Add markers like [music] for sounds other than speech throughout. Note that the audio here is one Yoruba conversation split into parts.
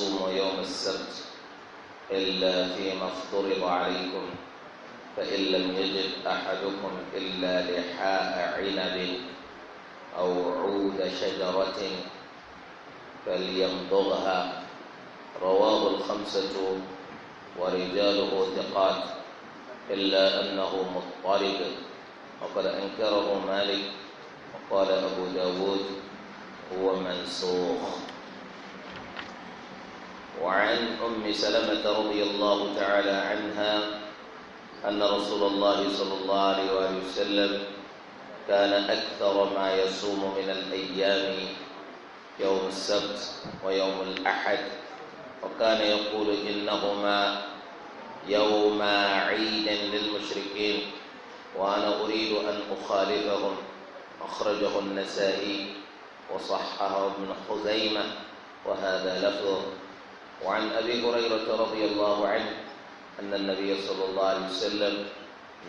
تصوموا يوم السبت إلا فيما افترض عليكم فإن لم يجد أحدكم إلا لحاء عنب أو عود شجرة فليمضغها رواه الخمسة ورجاله ثقات إلا أنه مضطرب وقد أنكره مالك وقال أبو داود هو منسوخ وعن أم سلمة رضي الله تعالى عنها أن رسول الله صلى الله عليه وآله وسلم كان أكثر ما يصوم من الأيام يوم السبت ويوم الأحد وكان يقول إنهما يوم عيد للمشركين وأنا أريد أن أخالفهم أخرجه النسائي وصححه ابن خزيمة وهذا لفظه وعن أبي هريرة رضي الله عنه أن النبي صلى الله عليه وسلم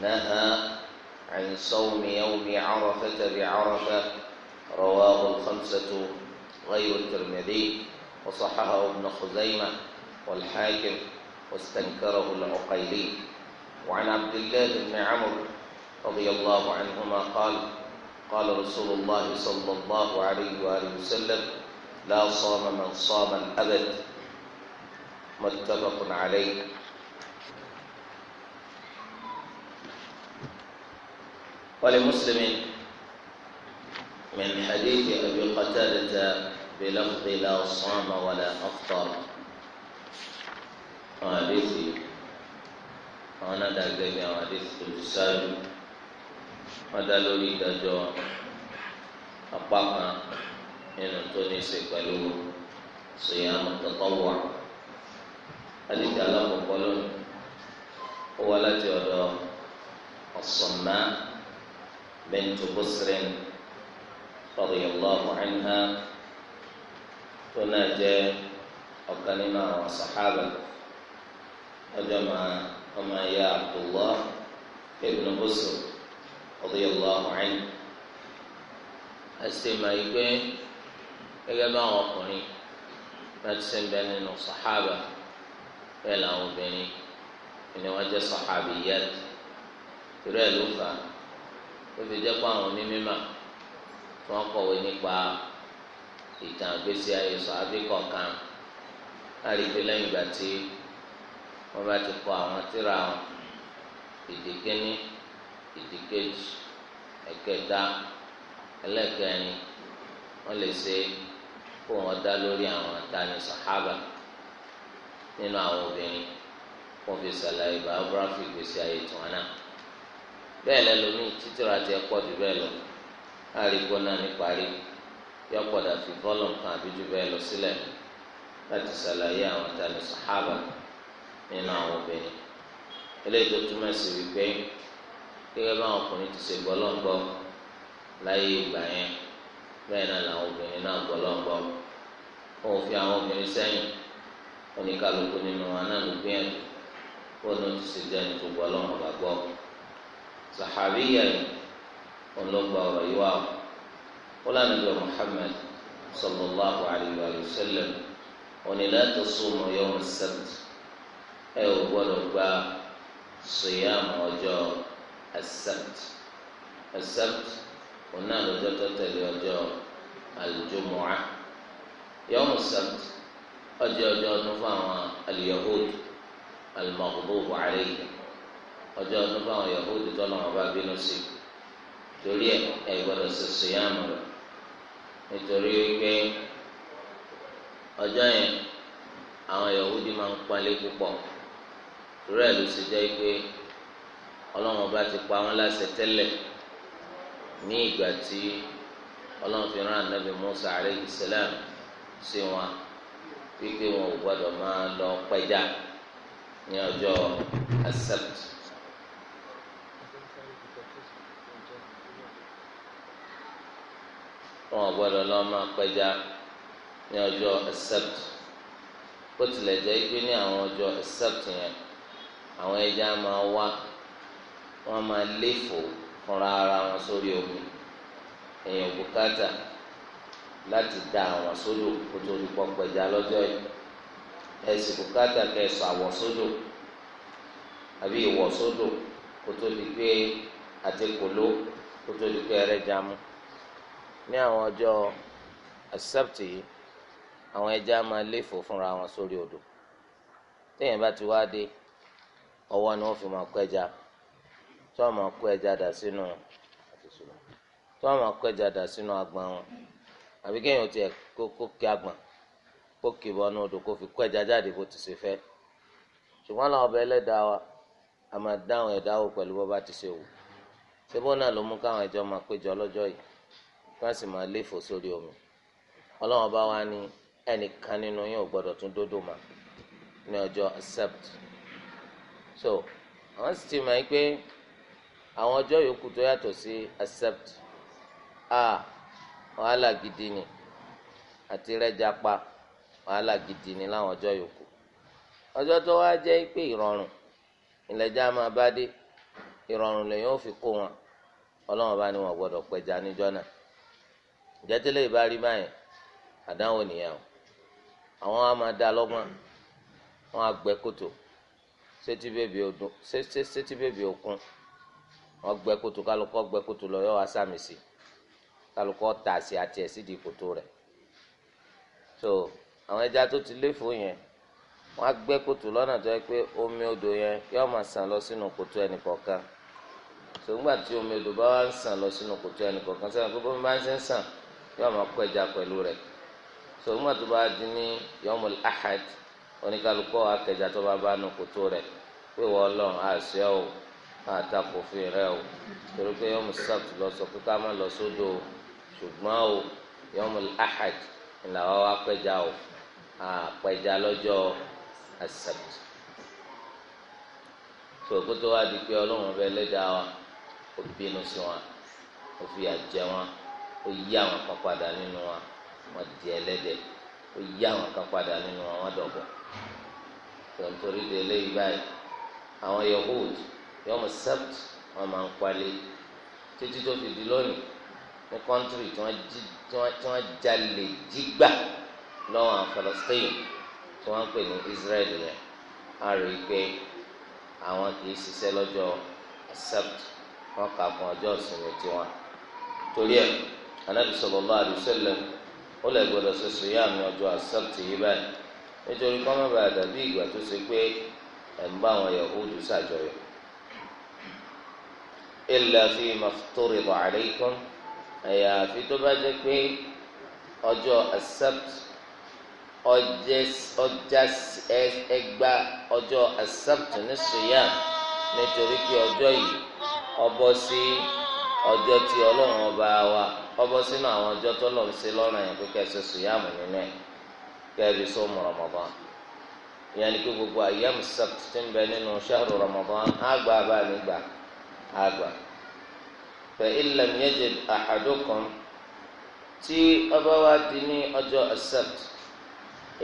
نهى عن صوم يوم عرفة بعرفة رواه الخمسة غير الترمذي وصححه ابن خزيمة والحاكم واستنكره العقيلي وعن عبد الله بن عمرو رضي الله عنهما قال قال رسول الله صلى الله عليه وآله وسلم لا صام من صام الأبد متفق عليه ولمسلم من حديث أبي قتادة بلفظ لا صام ولا أفطر حديثي أنا دعني حديث الجسال هذا لوري دجوا إن توني سيكالو صيام التطوع حديث على قولون هو لا الصماء بنت بسر رضي الله عنها تناجى الكلمة وصحابة وجمع وما يا عبد الله ابن بسر رضي الله عنه أسمع يقول gẹ́gẹ́ bá àwọn ọkùnrin láti ṣe bẹ́ẹ̀ làwọn obìnrin ni wọ́n jẹ́ sahabiyat torí ẹ̀ ló fà á ó fi jẹ́ pé àwọn onímọ̀ tí wọ́n kọ̀wé nípa ìtàn àgbésí ayé sàhábì kọ̀ọ̀kan láti pé lẹ́yìn ìgbà tí wọ́n bá ti kọ àwọn tírà wọn ìdí kínní ẹ̀kẹta ẹlẹ́kẹrin wọ́n lè ṣe kó wọn dá lórí àwọn àtàní sàhábà. nínú àwọn obìnrin wọn fi ṣàlàyé biography gbèsè ayé tí wọn náà bẹ́ẹ̀ lẹ́lómi títúra tiẹ̀ pọ̀ jù lọ àrígbó náà ní parí fi lọ láti ṣàlàyé àwọn sàhábà nínú àwọn obìnrin eléyìí tó túmọ̀ sí wípé gẹ́gẹ́ bá àwọn ọkùnrin ti ṣe gbọ́lọ́ngbọ́ láyé ìgbà yẹn bẹ́ẹ̀ náà làwọn obìnrin náà gbọ́lọ́ngbọ́ wọn ò oníkàlùkù nínú wa náà ló gbìyànjú fóònù ti ṣe jẹ́ ní gbogbo ọlọ́run ọba gbọ́ sàhàbíyà yìí wọn ló gba ọ̀rọ̀ yìí wá o wọn lànà bí Muhammad sallallahu alayhi wa sallam onílẹ̀ tó súnmọ́ yawm as-sabt ò gbọ́dọ̀ gba siyam ọjọ́ as-sabt as tẹ̀lé ọjọ́ al-jumu'ah yawm ọjọ́ ọjọ́ ọdún fún àwọn al-yahud al-maghdubu alayhim ọjọ́ ọdún fún àwọn yahud tọ́lọ́wọ́n bá bínú sí torí ẹ̀ ẹ̀ gbọ́dọ̀ ṣe síyàmù rẹ̀ nítorí pé ọjọ́ yẹn àwọn yahudi máa ń palẹ̀ púpọ̀ torí ẹ̀ ló ṣe jẹ́ pé ọlọ́run ọba ti pa wọ́n láṣẹ tẹ́lẹ̀ ní ìgbà tí ọlọ́run fi rán anabi musa alayhi salam sí wọn. wípé wọn ò gbọdọ̀ máa lọ pẹja ní ọjọ́ accept. wọn ò gbọdọ̀ lọ máa pẹja ní ọjọ́ accept. bó tilẹ̀ jẹ́ pé ní àwọn ọjọ́ accept yẹn àwọn ẹja máa wá wọn máa léfò fúnra ara wọn sórí omi èèyàn bùkátà. láti da àwọn sódò kó tó di pọ́ pẹja lọ́jọ́ yìí ẹ̀sìn bùkátà kẹsàn àwọ̀ sódò àbí ìwọ̀ sódò kó tó di pé àtẹkòló kó tó di pé ẹrẹ́jà mú ní àwọn ọjọ́ àṣẹ́pìtì yìí àwọn ẹja máa léfò fúnra wọn sórí odò téèyàn bá ti wá dé ọwọ́ ni wọ́n fi máa kó ẹja tí wọ́n máa kó ẹja dà sínú tí wọ́n máa kó ẹja dà sínú agbọ̀n wọn àbí kéèyàn tiẹ̀ kó kí agbọ̀n kó kì bọ́nú odò kó fi kó ẹja jáde bó ti ṣe fẹ́ ṣùgbọ́n làwọn ọba ẹlẹ́dàá wa a máa dáhùn ẹ̀dá wò pẹ̀lú bó bá ti ṣe wù ṣébó náà ló mú káwọn ẹjọ́ máa péjọ lọ́jọ́ yìí kí wọ́n sì máa léfò sórí omi ọlọ́run ọba wa ní ẹnìkan nínú yín ò gbọ́dọ̀ tún dódò mà ní ọjọ́ accept so àwọn sì ti mọ̀ yín pé àwọn ọjọ́ yòókù tó yàtọ̀ sí accept a. Ah, wàhálà gidi ni àti rẹ́jà pa wàhálà gidi ni láwọn ọjọ́ yòókù ọjọ́ tó wá jẹ́ pé ìrọ̀rùn ìlẹ̀jà máa bá dé ìrọ̀rùn lèyìn ó fi kó wọn ọlọ́wọ́n bá ní wọn gbọ́dọ̀ pẹja níjọ́ náà ìjẹ́tẹ́lẹ̀ ìbá rí báyìí àdáwò nìyẹn o àwọn á máa dá lọ́gbọ́n wọn á gbẹ́ kòtò sétí bèbè odò wọn gbẹ́ kòtò kálukọ́ gbẹ́ kòtò lọ yọ wá sàmì sí i. kálukú ọ̀tà sí àti ẹ̀ sídìí kòtò so àwọn ẹja tó ti léfò yẹn wọn á gbẹ kòtò tó yẹ pé sàn lọ sínú kòtò ẹnìkọ̀ọ̀kan so nígbà tí omi sàn lọ sínú kòtò sẹ́yìn pé bómi bá ń ṣe ń sàn yóò máa kó ẹja pẹ̀lú rẹ so nígbà tó bá di ní yọmọl ahad oníkálukú akẹjà tó bá bá nu kòtò rẹ pé wọ́n lọ́n àṣẹ ò àtakòfin rẹ̀ ò torí pé yọmọ sọ pé ká má lọ sódò ṣùgbọ́n o yọmul ahad ńlá wa wá pẹja o àpẹja lọ́jọ́ asabt tòkó tó wá di pé ọlọ́run bẹ lẹ́dàá wa ó bínú sí wọn ó fi àjẹ wọn ó yí àwọn kan padà nínú wọn wọn di ẹlẹ́dẹ̀ ó yí àwọn kan padà nínú wọn wọn dọ̀bọ̀ tòǹtòrí de eléyìí báyìí àwọn Yahud yọmul sabt wọn máa ń palẹ̀ títí tó fi di lónìí ní kọ́ńtírì tí wọ́n jalè jígbà lọ́wọ́ àwọn Palestine tí wọ́n ń pè ní Israel yẹn a rí i pé àwọn kì í ṣiṣẹ́ lọ́jọ́ accept wọn kà fún ọjọ́ ìsinmi tiwọn torí ẹ̀ Ànábì sallallahu alaihi wasallam ó lè gbọ́dọ̀ ṣe sùúyà ní ọjọ́ accept yìí báyìí nítorí kọ́mọ́bà dàbí ìgbà tó ṣe pé ẹ̀ ń bá àwọn Yahudu ṣàjọyọ̀ illa fi mafturida alaykum àyàfi tó bá jẹ́ pé ọjọ́ accept ọjà ẹgbà ọjọ́ accept ní suya nítorí pé ọjọ́ yìí ọbọ sí ọjọ́ tí Ọlọ́run ọba wa ọbọ sínú àwọn ọjọ́ tó lọ sí lọ́rùn yẹn pé kẹsẹ suya mọ nínú ẹ kẹbi sọ mọ Ramadan ìyẹn ni pé gbogbo àyẹmù sẹpt tí ń bẹ nínú sẹrù Ramadan àgbà bá mi gbà àgbà. فإن لم يجد kan tí ọba wa di ní ọjọ́ accept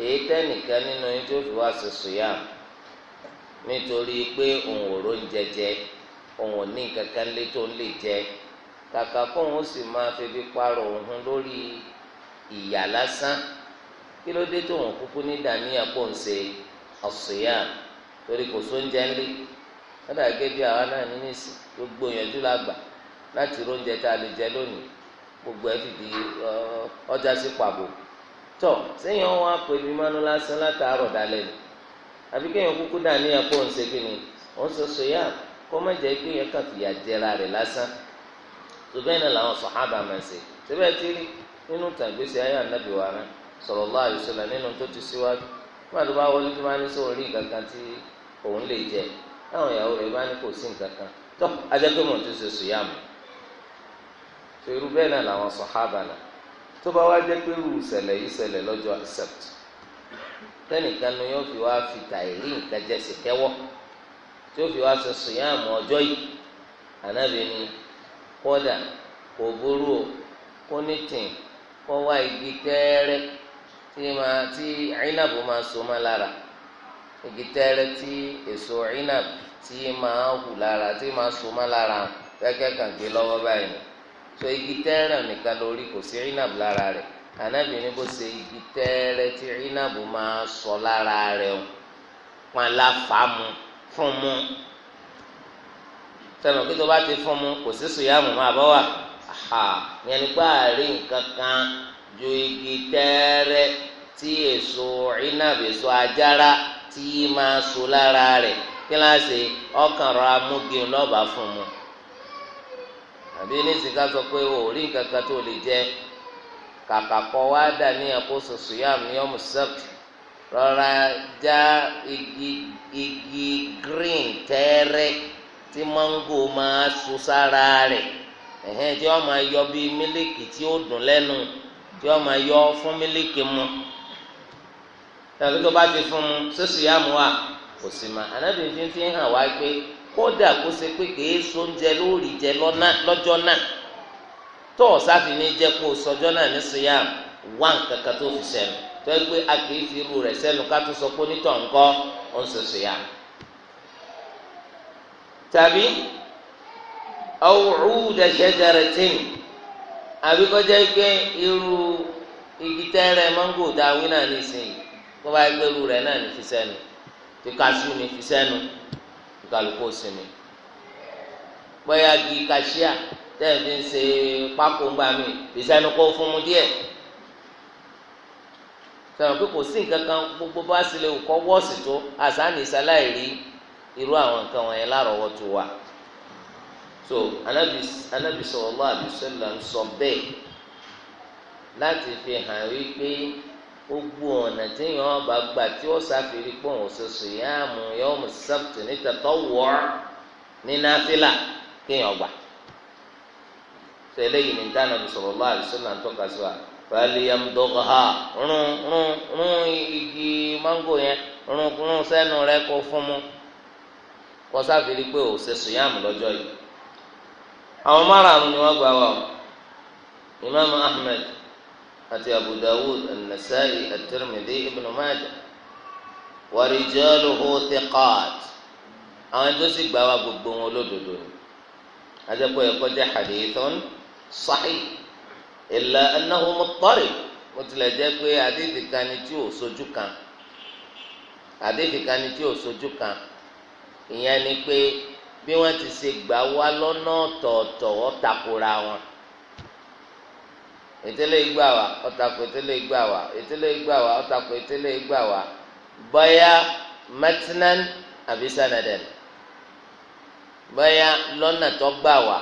èyí tẹ́nìkan nínú yín tó fi wá yá nítorí pé òun ò jẹ òun ò ní kankan lé tó ń lè jẹ kàkà sì máa febi paro òun lórí ìyà lásán kí ló dé kúkú ní ń ṣe yá torí kò sóúnjẹ gbogbo láti róúnjẹ tá a lè jẹ lónìí gbogbo ẹ fìdí ọjà sí pàbò tọ sẹ́yìn wọn apè mí mánú lásán látàárọ̀ dalẹ́ ni àbí kéèyàn kúkú dà ní ni wọn sọ sọ yá kó má jẹ jẹra lásán tó bẹ́ẹ̀ náà làwọn máa ṣe síbẹ̀ tí nínú ayé ànábì wa rẹ nínú tó ti síwájú wọn bá wọlé tó máa ní sóhun rí nǹkan tí òun lè jẹ tó irú bẹ́ẹ̀ náà làwọn sọ náà tó bá wá jẹ́ pé irú ìṣẹ̀lẹ̀ yìí ṣẹlẹ̀ lọ́jọ́ accept tẹ́nìkan ni yóò fi wá fi tàìrí nǹkan jẹ́sì kẹ́wọ́ tí ó fi wá sọ sùnyàmù ọjọ́ yìí ànábì ni kódà kò burú o ní tìǹ wá igi tẹ́ẹ́rẹ́ tí máa tí ìnábù máa so máa lára igi tẹ́ẹ́rẹ́ tí èso ìnábù tí máa hù lára tí so máa lára kẹ́kẹ́ so igi tẹ́rẹ̀ nìkan lórí kò sí inab lára rẹ̀ ànábì bó ṣe igi tẹ́rẹ̀ tí inab máa sọ lára rẹ̀ o pàlà fàámu fún mu sẹ́nu kí tó bá ti fún mu kò sí sùyàmù máa bọ́ wà ha yẹn nípa àárín nǹkan kan ju igi tẹ́rẹ̀ tí èso inab èso ajára tí máa so lára rẹ̀ kí ọkàn rọra mú àbí níṣẹ́ ká sọ pé o ò rí nǹkan kan tó lè jẹ kàkà wá dà ní ọmọ rọra já igi green tẹ́rẹ́ tí mango máa so sára rẹ̀ ẹ̀hẹ́n tí wọ́n máa yọ bíi mílíkì tí ó dùn lẹ́nu tí wọ́n máa yọ fún mílíkì mu tàbí tó bá ti fún mu sọ̀sọ̀ yá wa kò sí fi kódà kó ṣe pé kèé sóúnjẹ lórí jẹ lọ́jọ́ náà tó ọ̀sáfì ní jẹ́ kó sọjọ́ náà ní siyam wá nǹkan kan tó fi sẹ́nu tó pé a kìí fi irú rẹ̀ sẹ́nu ká tó sọ pé onítọ̀ ńkọ́ ó ń sọ siyam. tàbí awuud shajaratin àbí kọjá pé irú igi tẹ́rẹ̀ mọ́ngò dáwí náà nísìnyí tó bá rẹ̀ náà ní kálukú sinmi bóyá gi kàṣíà tẹ́ẹ̀fì ń ṣe pákó ńgbà mí ìsẹ́nu kó fún mu díẹ̀ fẹ́ràn pé kò sí nǹkan kan gbogbo bá sì lè kọ́ wọ́ọ̀sì tó àsáàní ìsáláì rí irú àwọn nǹkan wọ̀nyẹn lárọ̀ọ́wọ́tó wa so Ànábì sallallahu alaihi wasallam ń sọ bẹ́ẹ̀ láti fi hàn wípé gbogbo ọ̀nà tí yàn ọba gbà tí ó sáfìrí pọ̀ òun ṣoṣo yà á mú yọ ọmọ sábtù níta tó wọ̀ ọ́ ní náfìlà kéèyàn gbà. sọ eléyìí ní dáná bí sọ̀rọ̀ lọ́wọ́ àdìsọ́nà tó kà sí wa fàlíyàm dọ́gàá rún rún rún igi mángò yẹn rún rún sẹ́nu rẹ kó fún mu kó sáfìrí pé òun ṣoṣo yà á lọ́jọ́ yìí. àwọn márààrún ni wọ́n gbà wá Imam Ahmed àti abu dawud anasai at-tirmidhi ibn majah wa rijaluhu thiqat àwọn tó sì gbà wá gbogbo wọn lódodo ni àjẹpọ̀ ẹ̀kọ́ jẹ́ hadithun sahih illa annahu muttarib mo tilẹ̀ jẹ́ pé àdéhìí kan ni tí ò sojú kan àdéhìí kan ni tí ò sojú kan ìyẹn ni pé bí wọ́n ti ṣe gbà wá lọ́nà ọ̀tọ̀ọ̀tọ̀ ó takora wọn ètèlè igbá wa ọ̀tàkùn ètèlè igbá wa ètèlè igbá wa ọ̀tàkùn ètèlè igbá wa bọ́yá mẹtinan àbí sanadan bọ́yá lọ́nà tó gbà wá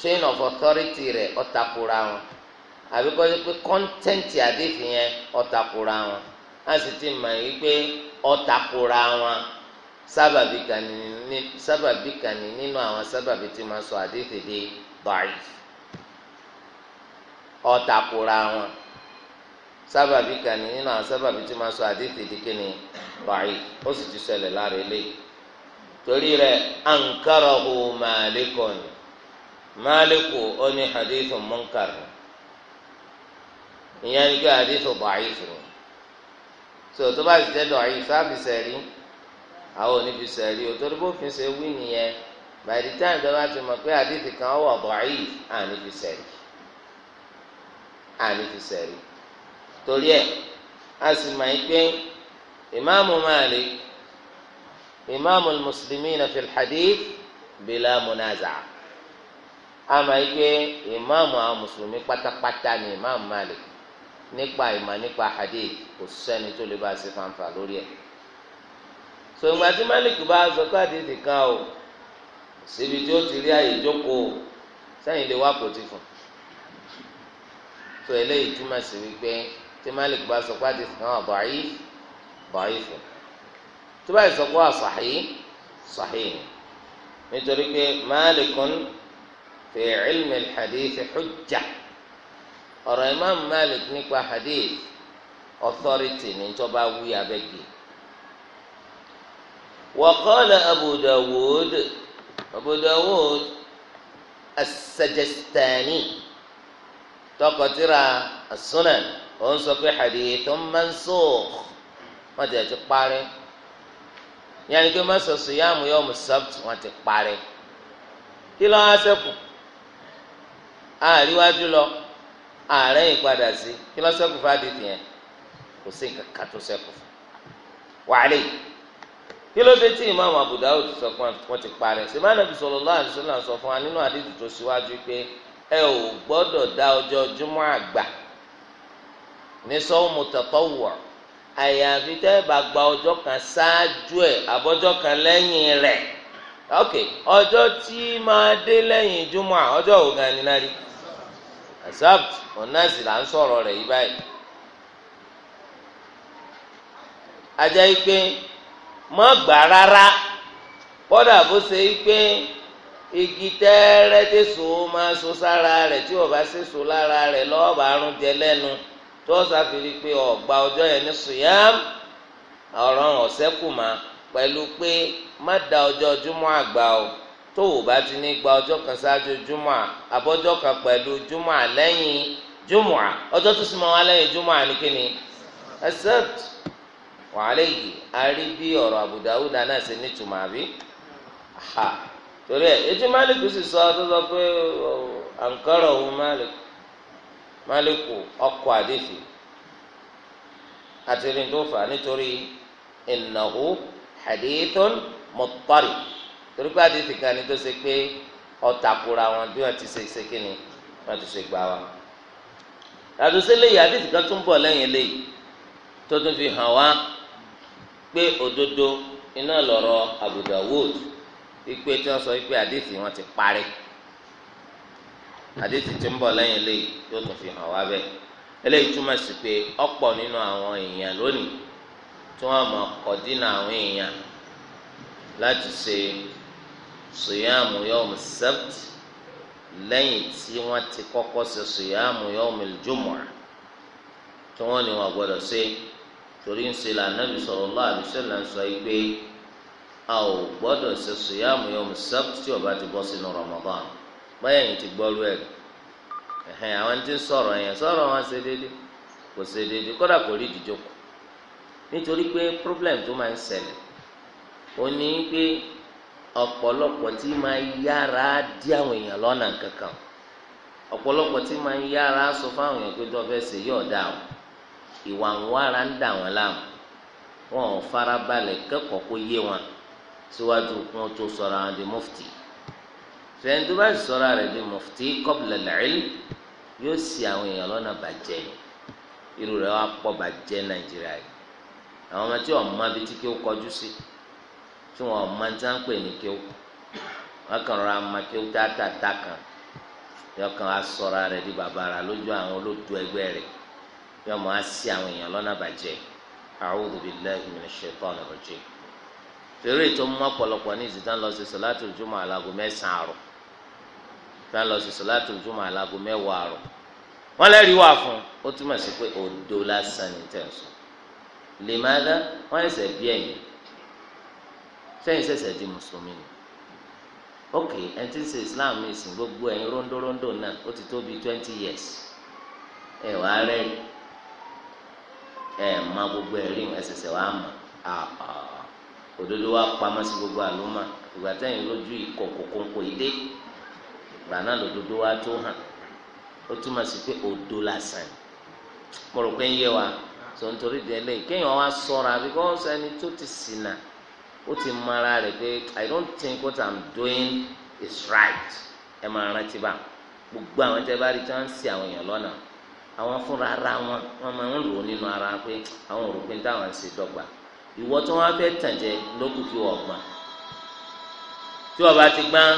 chain of authority rẹ̀ ọ̀tàkùra wọn àbí kọ́jú pé kọ́ńtẹ́ǹtì àdéhùn yẹn ọ̀tàkùra wọn a sì ti mọ̀ yìí pé ọ̀tàkùra wọn sábàbí kan ní nínú àwọn sábàbí tí wọ́n sọ àdéhùn dé báyìí. ọ̀tàkùrà wọn sábàbí kan nínú àwọn sábàbí tí máa sọ àdéhìí di báyìí ó sì ti ṣẹlẹ̀ lára eléyìí torí rẹ̀ ankarahu Malikun Maliku ó ní hadithu munkar ìyẹn ní kí hadithu báyìí fún un so tó bá ti jẹ́ dọ̀yìí sábì sẹ́rí àwọn sẹ́rí o torí bófin ṣe wí nìyẹn by the time tó bá ti mọ̀ pé hadithu kan wà báyìí sẹ́rí. àní fi sẹ̀rí torí ẹ̀ a sì mọ̀ ẹ́ pé ìmáàmù Malik ìmáàmù muslimina fil hadith bila munaza a mọ̀ ẹ́ pé ìmáàmù àwọn mùsùlùmí pátápátá ni ìmáàmù Malik nípa ìmọ̀ nípa hadith kò sẹ́ni tó lè bá a ṣe fanfa lórí ẹ̀ sọ̀gbà tí Malik bá a sọ káàdì ìdìkan o síbi tí ó ti rí àyè jókòó sẹ́yìn lè wá kò ti fún un tó eléyìí túmọ̀ sí wípé tí malik bá sọ pé àdìsí náà bọ̀ọ̀yì bọ̀ọ̀yì fún tó bá sọ pé àṣàhí ṣàhí nítorí pé malikun fi ilmi hadith hujja ọ̀rọ̀ imam malik nípa hadith authority ní tó bá wí abẹ́gbẹ́ wa qala abu dawud abu dawud as tọkọtìrà as-sunan òun sọ pé hadithun mansukh wọ́n ti ti parí yẹn ni pé mọ́sọ̀ siyamu yawmu sabt wọ́n ti parí kí ló wá ṣẹ́kù àríwájú lọ ààrẹ yìí padà sí kí ló ṣẹ́kù fáadì tìyẹn kò sí nǹkan kan tó ṣẹ́kù fún wàhálẹ̀ yìí kí ló dé tí ìmáàmù Abu Dawud sọ pé wọ́n ti parí sèmánà Nabi sallallahu alaihi sọ fún wa nínú àdéhùn tó síwájú pé. ẹ ò gbọ́dọ̀ dá ọjọ́ júmọ́ àgbà ní sọ́ọ̀mù tọ̀tọ̀wọ̀ àyàfi tẹ́ ẹ bá gba ọjọ kan ṣáájú kan lẹ́yìn rẹ ok ọjọ́ tí máa dé lẹ́yìn júmọ́ ọjọ́ ògàn ni náà rí onasi là ń sọ̀rọ̀ rẹ̀ yí báyìí ajá pé má gbà rárá kódà bó ṣe pé. igi tẹ́ẹ́rẹ́ tí so máa so sára rẹ̀ tí ọba sì so lára rẹ̀ lọ́ọ̀bà àrùn jẹ lẹ́nu tó ṣàfihàn pé ọ̀gbà ọjọ́ yẹn ní sùyàm ọ̀rọ̀ ọ̀sẹ́kùmá pẹ̀lú pé má da ọjọ́ júmọ́ àgbà o tó o bá ti ní gba ọjọ́ kan ṣáájú júmọ́ àbọ́jọ́ kan pẹ̀lú júmọ́ lẹ́yìn júmọ́ ọjọ́ tó sì máa wá lẹ́yìn júmọ́ nìkíni except wàhálà yìí a rí bí ọ̀rọ̀ Abu Dawud náà ṣe nítumọ̀ àbí torí ẹ etí máàlìkù sì sọ tó sọ pé àǹkárọ̀ òun máàlìkù máàlìkù ọkọ̀ àdéfì àti rìn tó fà nítorí ìnáwó hadithun mọ̀tọ́rì torí pé àdéfì kan ní tó ṣe pé ọ̀tàkùrà wọn bí wọ́n ti ṣe ṣe kí ni wọ́n ti ṣe gbà wá. yàtọ̀ sí eléyìí àdéfì kan tún bọ̀ lẹ́yìn eléyìí tó tún fi hàn wá pé òdodo iná lọ̀rọ̀ Abu Dawud ipe tí wọ́n sọ ipe àdéhìí wọn ti parí àdéhìí tí ń bọ̀ lẹ́yìn eléyìí yóò tún fi hàn wá bẹ́ẹ̀ eléyìí túmọ̀ sí pé ọ̀pọ̀ nínú àwọn èèyàn lónìí tí wọ́n mọ̀ kọ́ dínà àwọn èèyàn láti ṣe sòyàmù yọ̀ọ̀mù sẹ́pt lẹ́yìn tí wọ́n ti kọ́kọ́ ṣe sòyàmù yọ̀ọ̀mù jùmọ̀ tí wọ́n ní wọn gbọ́dọ̀ ṣe torí ń ṣe lànà Ànábì sallallahu alaihi wasallam ń sọ yìí a ò ṣe sùyàmù tí bá ti bọ sínú Ramadan báyẹn ti gbọ́rú ẹ̀ ẹ̀hẹ́n àwọn ti sọrọ yẹn sọ̀rọ̀ wọn ṣe déédé kò ṣe déédé kódà kò rí nítorí pé problem tó máa ń ṣẹlẹ̀ ó ní pé ọ̀pọ̀lọpọ̀ tí máa yára dí àwọn èèyàn lọ́nà sọ fáwọn èèyàn pé ṣe dá o ìwà ń wára ń dà wọn ò farabalẹ̀ kẹ́kọ̀ọ́ kó yé wọn síwájú kí wọ́n tó di mufti fẹ́ẹ́n tó bá sọ̀rọ̀ di mufti qabla yóò àwọn èèyàn lọ́nà bàjẹ́ irú rẹ̀ pọ̀ bàjẹ́ nàìjíríà yìí àwọn ọmọ tí wọ́n mọ abí tí kí ó kọjú sí tí kan yọ kàn di lójú àwọn yọ mọ àwọn èèyàn lọ́nà torí ètò mú ọ̀pọ̀lọpọ̀ ní ìsìtàn lọ sí sọ̀láàtì ìjùmọ̀ àlágò mẹ́sàn-án àrọ̀ tán lọ sí sọ̀láàtì ìjùmọ̀ àlágò mẹ́wàá àrọ̀ wọ́n lẹ́rìí wà fún ó túmọ̀ sí pé òdo lásán ní tẹ̀sán lè má dá wọ́n ẹ̀sẹ̀ bí ẹ̀yìn sẹ́yìn sẹ̀sẹ̀ di mùsùlùmí ni ok ẹni tí ń ṣe Islam ní ìsìn gbogbo ẹ̀yin rondórondó náà ó ti tó bíi twenty years ẹ wà á rẹ́rìí ẹ má gbogbo ẹ̀rí ẹ̀sẹ̀sẹ̀ wà á mọ̀ àà ah, ah. òdodo wa pamọ́ sí gbogbo àlùmọ́ ìgbà tẹ́yìn lójú ikọ̀ kòkòkò ìdé ìgbà náà lòdodo wa tó hàn ó túmọ̀ sí pé òdo lásán mo rò pé ń yé wa sọ nítorí délé kéèyàn wá sọ́ra because ẹni tó ti ṣìnà ó ti mọ ara rẹ̀ pé i don't think what i'm doing is right ẹ máa rántí gbogbo àwọn tẹ bá rí tí wọ́n ń àwọn ara wọn máa ń lò ó nínú ara pé ìwọ tí wọ́n fẹ́ tàn jẹ ló kù kí wọ́n gbọ́n tí wọ́n bá ti gbọ́n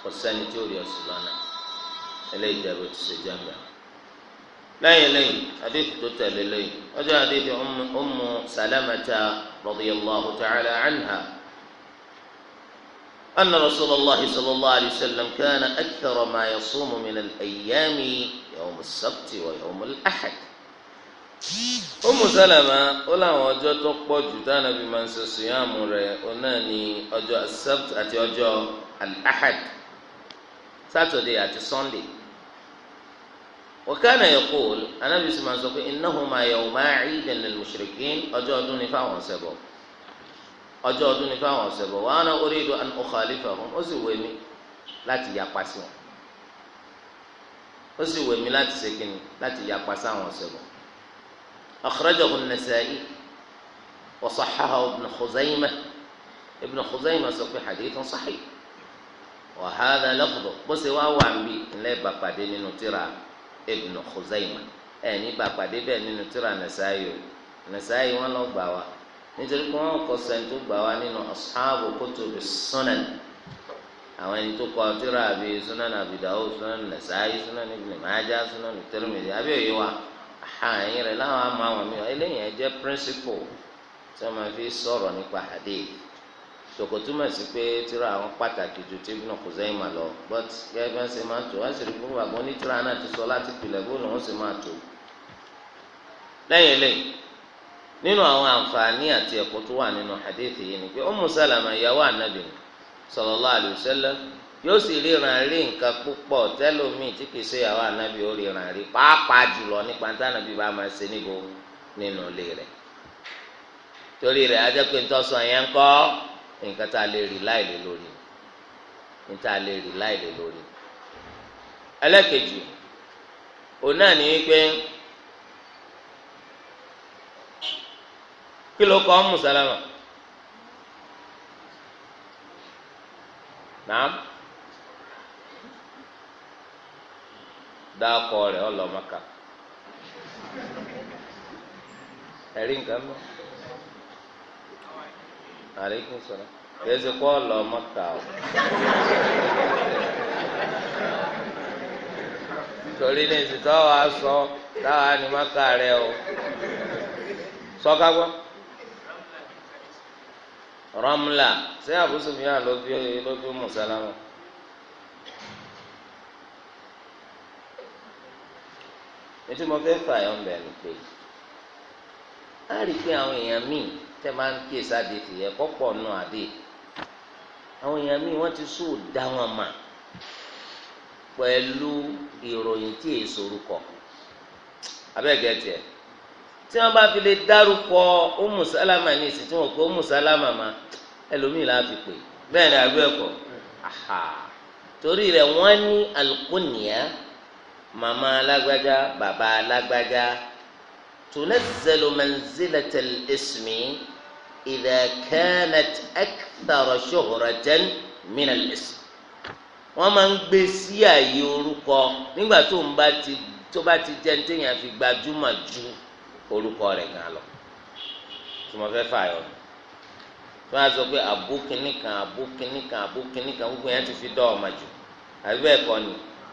kò sẹ́ni tí ó rí ọ̀sùn lọ́nà eléyìí dẹ̀rọ ti ṣe jàmbá lẹ́yìn lẹ́yìn adéfì tó tẹ̀lé lẹ́yìn ọjọ́ adéfì Ummu Salamata radiyallahu ta'ala anha. أن رسول الله صلى الله عليه وسلم كان أكثر ما يصوم من الأيام يوم السبت ويوم الأحد Ummu Salama ó láwọn ọjọ́ tó pọ̀ jù tá ànábì máa ń ṣe sùyàmù rẹ̀ òun náà ní ọjọ́ asabt àti ọjọ́ al-ahad Saturday àti Sunday wa kana yaqul ànábì sì máa sọ pé innahuma yawma 'idin lil mushrikin ọjọ́ ọdún ní fáwọn ọ̀sẹ̀bọ̀ ọjọ́ ọdún ní fáwọn ọ̀sẹ̀bọ̀ wa ana uridu an ukhalifahum ó sì wẹ̀ mí láti yapa sí ó sì wẹ̀ mí láti ṣe kíni láti yapa sáwọn ọ̀sẹ̀bọ̀ أخرجه النسائي وصححه ابن خزيمة ابن خزيمة سقي حديث صحيح وهذا لفظه بس هو عمبي لا بقدي نترى ابن خزيمة ẹni bá pàdé bẹ́ẹ̀ nínú tíra nàṣáyò nàṣáyò wọn lọ gbà wá nítorí pé wọn kọ sẹ́ni tó gbà wá nínú ashabu kutubi sunan àwọn ẹni tó kọ tíra àbí sunan Abi Dawud sunan nàṣáyò sunan Ibn Majah sunan Tirmidhi àbí òye wa. àyìn rẹ̀ láwọn àmọ́ àwọn mi eléyìí ẹ principle tí wọ́n máa fi sọ̀rọ̀ nípa hadith sòkò sí pé tíra àwọn pàtàkì ju lọ but gẹ́gẹ́ bí wọ́n ṣe máa tò wọ́n sì rí fúnra gbọ́n ní tíra náà ti sọ láti pilẹ̀ bóòlù wọ́n sì máa tò. lẹ́yìn eléyìí nínú àwọn àǹfààní àti ẹ̀kọ́ tó wà nínú ni yóò sì ríran rí nǹkan púpọ̀ tẹ́lómi tí kìí ṣe àwọn ànábì ó ríran rí pàápàá jùlọ nípa tí ànábì bá máa ṣe níbo nínú ilé rẹ̀ torí rẹ̀ á jẹ́ pé ń tọ́sọ yẹn ń kọ́ nǹkan tá a lè rí láìlè lórí nǹkan dákọ rẹ̀ ọlọ́mọkà ẹ̀rí nǹkan mọ́ àríkún sọ̀rọ̀ kìí ṣe kó ọlọ́mọkà o torí ní ìsìtọ́ wa sọ táwa ni mọ́kà rẹ o sọ́ká gbọ́ rọ́mùlà ṣé àbúṣe mi hàn ló fi mùsàlámù. ètò mo fẹ́ fà yọ̀ ńbẹ̀ ni pé a rí i pé àwọn èèyàn míì tẹ́ máa ń kíyèsí àdéhì yẹ kọ́pọ̀ nù àdé àwọn èèyàn míì wọ́n ti sùn dá wọn mà pẹ̀lú ìròyìn tí èso orúkọ abẹ́gẹ́ tiẹ̀ tí wọ́n bá fi lè dárúkọ Ummu Salama ní ìsìn tí wọ́n kọ́ Ummu Salama ma ẹlòmíì la fi pè bẹ́ẹ̀ ni àgbẹ̀ kọ̀ torí rẹ̀ wọ́n ní alukónìyà màmá alágbájá bàbá alágbájá tunazzalu manzilata al-ismi idha kanat akthara shuhratan min al-ism wọ́n máa ń gbé sí ààyè orúkọ nígbà tó ń bá ti tó bá ti jẹ́ téèyàn fi gbajúmọ̀ ju orúkọ rẹ̀ gan lọ tí mo fẹ́ fà yọ tí wọ́n á sọ pé àbókínìkan àbókínìkan àbókínìkan gbogbo yẹn ti fi dọ́ ọ̀ma jù àbí bẹ́ẹ̀ kọ́ ni.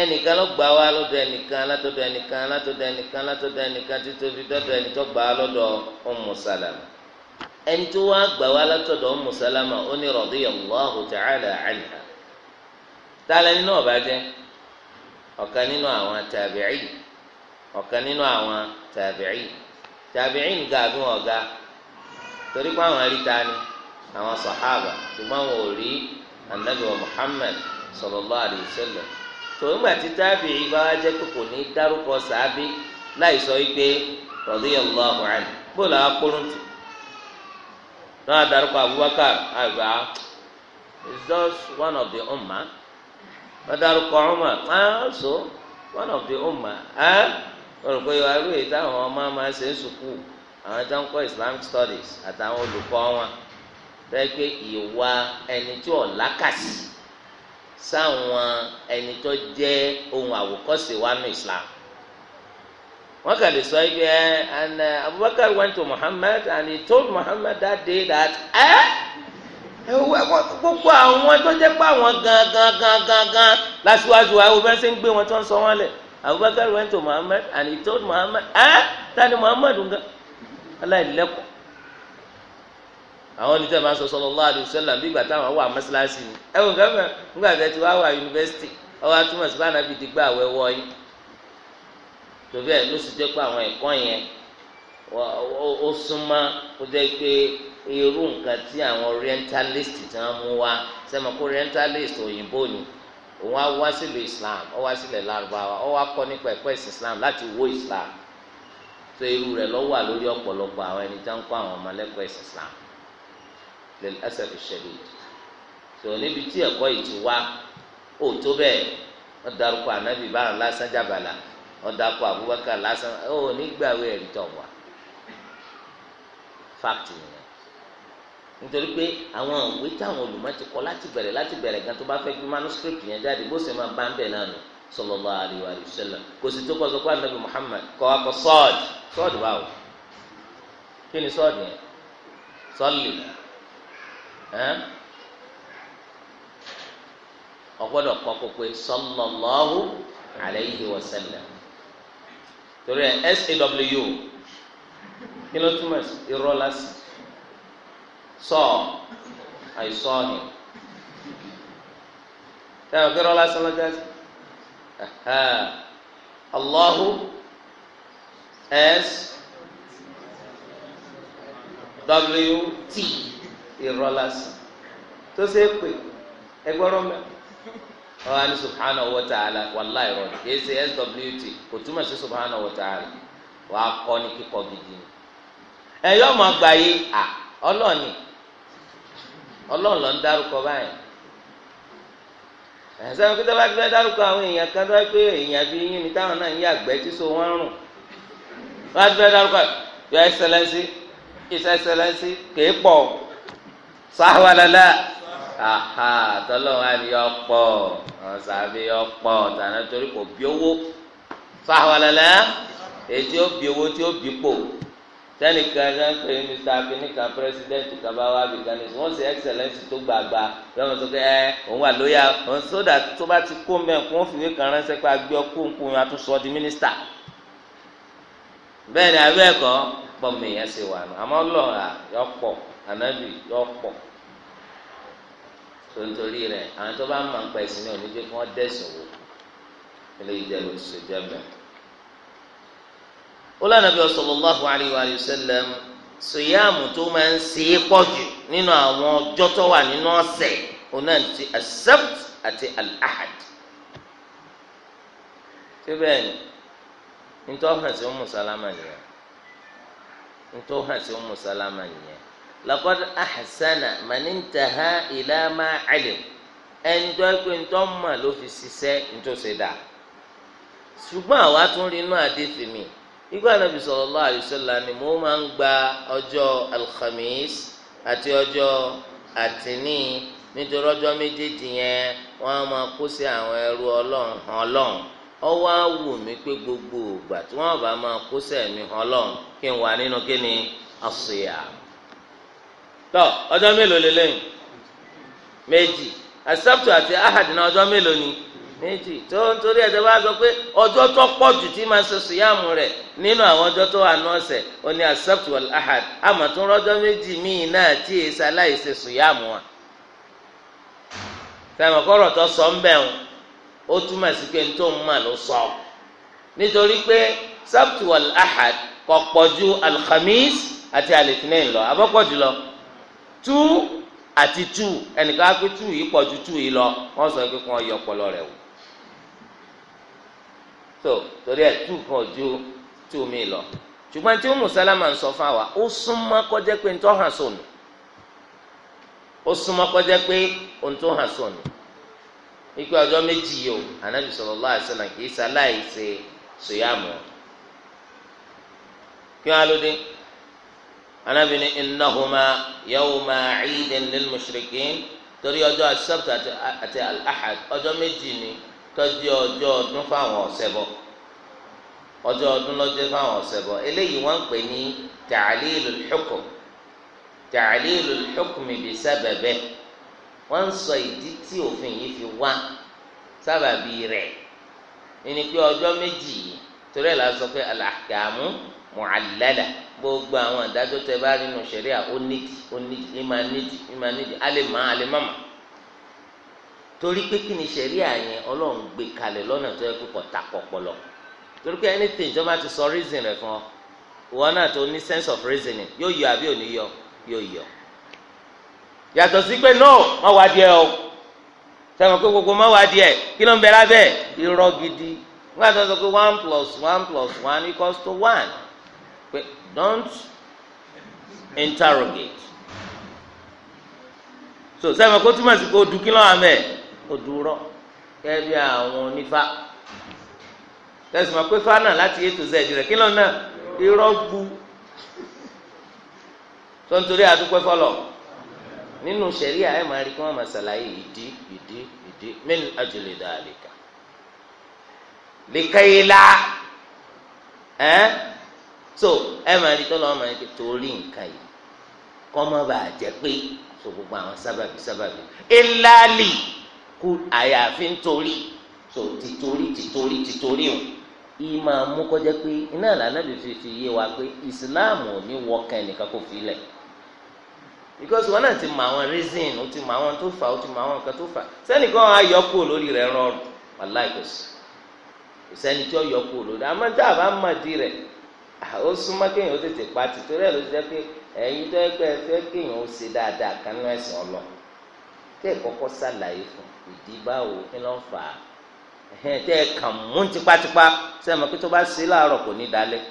ẹnìkan ló gbà wá lọ́dọ̀ ẹnìkan látọ̀dọ̀ ẹnìkan látọ̀dọ̀ ẹnìkan látọ̀dọ̀ ẹnìkan títí fi dọ́dọ̀ ẹni tó gbà wá lọ́dọ̀ ẹni tó wá gbà wá látọ̀dọ̀ Salama ó ní radiyallahu ta'ala nínú ọ̀bá jẹ́ ọ̀kan nínú àwọn tàbí'í ọ̀kan nínú àwọn ga wọn ga torí pé àwọn àwọn sàhábà ṣùgbọ́n wọn ò alayhi wa sallam tòǹgbà tí tábì bá wá jẹ́ pé kò ní dárúkọ sàábí láì sọ wípé radiyallahu anhu bó làwọn náà dárúkọ Abubakar àgbà is just one of the umma wọ́n dárúkọ Umar ah, also one of the umma ẹ́ olùkọ́ yóò taa táwọn ọmọ Islamic studies àtàwọn wọn bẹ́ẹ̀ pé ìwà ẹni tí ò sáwọn ẹni tó jẹ́ ohun àwòkọ́ṣe wa nù islam wọn kà lè sọ ibi ẹ and uh, abubakar went to muhammad and he told muhammad that day that ẹ gbogbo àwọn tó jẹ́ pé àwọn gan gan gan gan gan lásìwájú àwọn bẹ́ẹ̀ ṣe ń gbé wọn tó ń sọ wọn lẹ̀ abubakar went to muhammad and he told muhammad ẹ tani muhammad nga aláìlẹ́kọ̀ọ́. àwọn olùtẹ̀ máa ń sọ sallallahu alaihi wasallam bí ìgbà táwọn wà mọ́ṣáláṣí ni ẹ̀wọ̀n gẹ́gẹ́ nígbà tẹ́ ti wá wà yunifásitì ọwọ́ atúmọ̀ sí bánà bíi dìgbà àwẹ̀ wọ́ọ́yì tòbí ẹ̀ ló sì jẹ́ pé àwọn ẹ̀kọ́ yẹn ó súnmọ́ ó jẹ́ pé irú nǹkan tí àwọn orientalist ti wọ́n mú wá sẹ́mi kó orientalist òyìnbó ni òun á Islam ó wá sílẹ̀ Lárúbáwá ó wá kọ́ nípa ẹ̀kọ́ Islam láti wó Islam tó irú rẹ̀ lọ́wọ́ àlórí ọ̀pọ̀lọpọ̀ àwọn ẹni tí Islam. للأسف الشديد tò níbi tí ẹ̀kọ́ yìí ti wá ó tó bẹ́ẹ̀ wọ́n darúkọ ànábì bá ń lásán jábàlá wọ́n darúkọ Abubakar lásán nítorí pé àwọn òwe táwọn olùmọ̀ kọ láti bẹ̀rẹ̀ láti bẹ̀rẹ̀ gan tó bá fẹ́ gbé manuscript yẹn jáde bó ṣe máa bá ń bẹ̀ náà nù kò sì tó kí ni yẹn náà. ọgbọ́dọ̀ kọ kó pé sallallahu alayhi wa sallam torí ẹ saw kí ló túmọ̀ sí irọ́ lásì sọ àìsọ ni táwọn kí irọ́ lásì lọ́jà sí S W T. irọ́ lásán tó ṣe é pè ẹgbọ́rọ́ mẹ́ ni kìí ṣe SWT kò túmọ̀ sí subhanahu wa ta'ala wà á kọ́ ní kíkọ́ gidi ni ẹ̀yọ́ ọmọ àgbà yìí à ọlọ́ọ̀ni ọlọ́ọ̀n ló ń dárúkọ báyìí dárúkọ àwọn èèyàn kan èèyàn bíi yín ni táwọn náà ń yá àgbẹ̀ tí so rùn á dárúkọ sáwàlálà aha tọ́lọ́wọ́n àbí ọ̀pọ̀ ọ̀sán àbí ọ̀pọ̀ tànà torí kò bí owó sáwàlálà èyí ó bí owó tí ó bí pò tẹnìkan náà ń pè ní mr abinika president kabawa abigani wọn sì excellence tó gbàgbà lọ́mọ tó kẹ́ ẹ́ òun wà lóyà òun sódà tó bá ti kó mẹ́rin kó fìwé kan ránṣẹ́ pé agbé ọkùnkùn àtúnṣọ di mínísítà bẹ́ẹ̀ ni abẹ́ẹ̀kọ́ pọ̀ mí ẹ̀ ṣe wà nù àmọ́ lọ́ọ̀rà yọ pọ̀ ànábì yọ pọ̀ tontori rẹ̀ àwọn tó bá mọ̀ nípa ẹ̀sìn náà oníjẹ́ kí wọ́n dẹ̀sùn wò eléyìí jẹ́ lóṣù tó jẹ́ bẹ́ẹ̀. ó lànà bí sallallahu alayhi wa sallam sòyàmù tó máa ń ṣe é pọ̀ jù nínú àwọn ọjọ́ tó wà nínú ọ̀sẹ̀ òun ti accept àti al-ahad. ṣé bẹ́ẹ̀ ni hàn sí Ummu Salama nìyẹn nítorí hàn sí Ummu Salama nìyẹn laqad ahsana manintaha ila ma alim ẹni tó pé ntọ́ mọ̀ ló fi ṣiṣẹ́ ntòsí dà ṣùgbọ́n àwa tún rí inú àdéhùn mi igbó anabi sallallahu alaihi wasallam ni mo máa ń gba ọjọ́ alkhamis àti ọjọ́ àtìní nítorí ọjọ́ méjèèjì yẹn wọ́n á máa kó sí àwọn ẹrú ọlọ́run hàn ọlọ́run ọwọ́ mí pé gbogbo ìgbà tí wọ́n bá máa kó sẹ́ẹ̀mí hàn kí n wà nínú kí ni àṣìyà tọ ọjọ́ mélòó lè lẹ́yìn méjì asabtu àti ahad náà ọjọ́ mélòó ni méjì tó ń torí ẹ̀ tẹ́ bá sọ pé ọjọ́ tó pọ̀ jù tí máa ṣe sùyàmù rẹ̀ nínú àwọn ọjọ́ tó wà ní ọ̀sẹ̀ ó ní asabtu wal ahad àmọ́ tó rọ́jọ́ méjì míì náà tí èyí ṣaláì ṣe sùyàmù wa. sẹ́wọ̀n kọ́rọ̀ tó sọ ń bẹ̀ wọn ó túmọ̀ sí pé tó ń mà ló sọ nítorí pé sabtu wal ahad pọ̀ ju alhamis àti alifinayin lọ abọ́pọ̀ jùlọ two àti two ẹnìkan á pé two yìí pọ̀ ju yìí lọ wọ́n sọ pé kí wọ́n yọ ọpọlọ rẹ̀ wò so torí ẹ̀ two kan ju mi lọ ṣùgbọ́n tí Umu ń sọ fún wa ó súnmọ́ kọjá pé ń tọ́ hàn sónù ó súnmọ́ kọjá pé ń tọ́ hàn sónù ikú ọjọ́ méjì yìí o Ànábì sallallahu alaihi wasallam kì í sáláì ṣe ṣòyàmù kí wọ́n á lóde. Ànábì ní innahuma yawma ciidin lil mushrikin torí ọjọ́ asabt àti alahad ọjọ́ méjì ni tó jẹ́ ọjọ́ ọdún fáwọn ọ̀ṣẹbọ ọjọ́ ọdún ló jẹ́ fáwọn ọ̀ṣẹbọ eléyìí wọ́n ń pè ní ta'lilul hukm ta'lilul hukm bi sababihi wọ́n ń sọ ìdí tí òfin yìí fi wá sábàbí rẹ̀ ẹni pé ọjọ́ méjì yìí torí ẹ̀ la sọ pé al-ahkamu mu'allala gbogbo àwọn àdájọ́ tẹ bá rí nu sẹ̀ríà ó nídìí ó nídìí ní máa nídìí ní máa nídìí á lè má á lè má mà torí pé kí ni sẹ̀ríà yẹn ọlọ́run gbé kalẹ̀ lọ́nà tó yẹ kó kọ̀ ta pọ̀pọ̀lọ torí pé anything tó bá ti sọ reason rẹ̀ fún ọ ìwọ náà tó ní sense of reasoning yóò yọ àbí òní yọ yóò yọ yàtọ̀ sí pé no má wá díẹ̀ o sẹ́wọ̀n pé gbogbo má wá díẹ̀ kí ló ń bẹ lábẹ́ irọ́ gidi wọ́n àti pé one plus one plus one equals to one don't interrogate so sẹ́wọ̀n kó túmọ̀ sí kó dùn kí lọ́wọ́ amẹ́ òdùrọ̀ kẹ́bí àwọn onífà tẹ̀sùmọ̀ pé fánà láti ètò zẹ́ẹ̀dì rẹ̀ kí lọ́wọ́ náà irọ́ gbu tó ń torí àdúgbò fọlọ̀ nínú sẹ̀ríà ẹ̀ máa rí kí wọ́n máa ṣàlàyé ìdí ìdí ìdí min ajli dhalika lìkàyìlá ẹ̀. Eh? so ẹ máa rí tọ́lọ́ máa rí torí nǹkan yìí kọ́ mọ́ pé so gbogbo àwọn sábàbí sábàbí ìlàlì kú àyàfi so tìtorí tìtorí tìtorí o yìí máa pé iná ìlànà fi wa pé ìsìláàmù ò ní wọkàn ẹnìkan kò fi lẹ̀ because wọn náà ti mọ àwọn reason ti mọ àwọn tó fà ti mọ àwọn nǹkan tó fà sẹ́nìkan ayọ̀kù lórí rẹ̀ rọrùn sẹ́ni tí ó lórí àmọ́ a ó súnmọ́ kéèyàn ó tètè pa tìtorí ẹ̀ ló ti jẹ́ pé ẹ̀yin tó ẹgbẹ́ fẹ́ kéèyàn ó ṣe dáadáa kan nínú ẹ̀sìn ọlọ tẹ́ ẹ̀ kọ́kọ́ ṣàlàyé fún ìdí báwo kí ló ń fà á tẹ́ ẹ̀ kàn mú tipátipá sẹ́mi pé tó bá ṣe láàárọ̀ kò ní dalẹ̀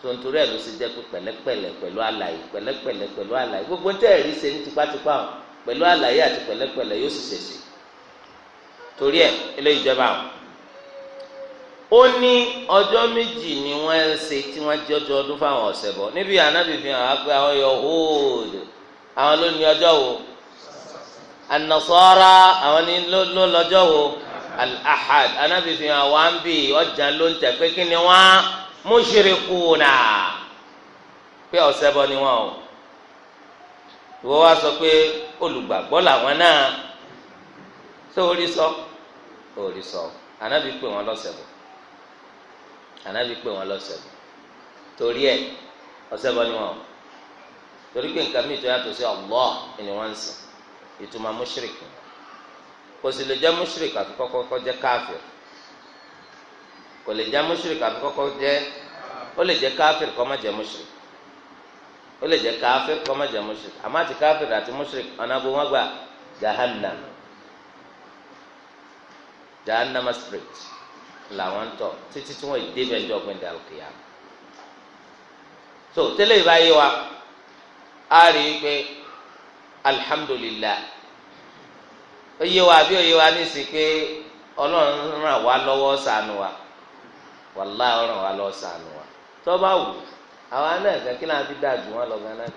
tontorí ẹ̀ ló ṣe jẹ́ pé pẹ̀lẹ́pẹ̀lẹ́ pẹ̀lú àlàyé pẹ̀lẹ́pẹ̀lẹ́ pẹ̀lú àlàyé gbogbo tẹ́ ẹ̀ rí ṣe ní tipátipá o pẹ̀lú àlàyé àti pẹ̀lẹ́pẹ̀lẹ́ yóò sì ṣèṣe torí ẹ̀ eléyìí jẹ́ báwọn ó ní ọjọ́ méjì ni wọ́n ń ṣe tí wọ́n jẹ́ ọjọ́ ọdún fáwọn ọ̀sẹ̀ bọ̀ níbi ànábì fi hàn wá pé àwọn Yahud àwọn ló ní ọjọ́ wo An-Nasara àwọn ní ló lọ́jọ́ wo Al-Ahad ànábì fi hàn wá ń bì ọjà ló ń tẹ̀ pé kí ni wọ́n mushrikuna pé ọ̀sẹ̀ bọ̀ ni wọ́n o ìwọ wá sọ pé olùgbàgbọ́ làwọn náà tó sọ orí sọ ànábì pé wọ́n lọ́sẹ̀ bọ̀ ànábì pé wọn lọ́sẹ̀ torí ẹ̀ ọ̀sẹ̀ bọ́ ni wọn o torí pé nǹkan mìíràn tó yàtọ̀ sí Allah ni wọ́n ń sìn ìtumọ̀ mushrik kò sì lè jẹ́ mushrik àti kọ́kọ́ jẹ́ káfíìr kò lè jẹ́ mushrik àti kọ́kọ́ jẹ́ ó lè jẹ́ káfíìr kọ́ má jẹ́ mushrik ó lè jẹ́ káfíìr kọ́ má jẹ́ mushrik àmọ́ àti káfíìr àti mushrik ọ̀nàbó wọn gbà jahannam jahannam straight làwọn ń tọ̀ títí tí wọ́n débẹ̀ ní ọgbìn dàlùkìyà so tẹ́lẹ̀ ìbáyé wa a rí i pé alihamudulilayi ó yé wa bí ó yé wa nísìnyí pé ọlọ́run ràn wá lọ́wọ́ sànù wa wàlá ràn wá lọ́wọ́ sànù wa tó bá wù àwa náà kàn kí náà fi dáa jù wọ́n lọ ganan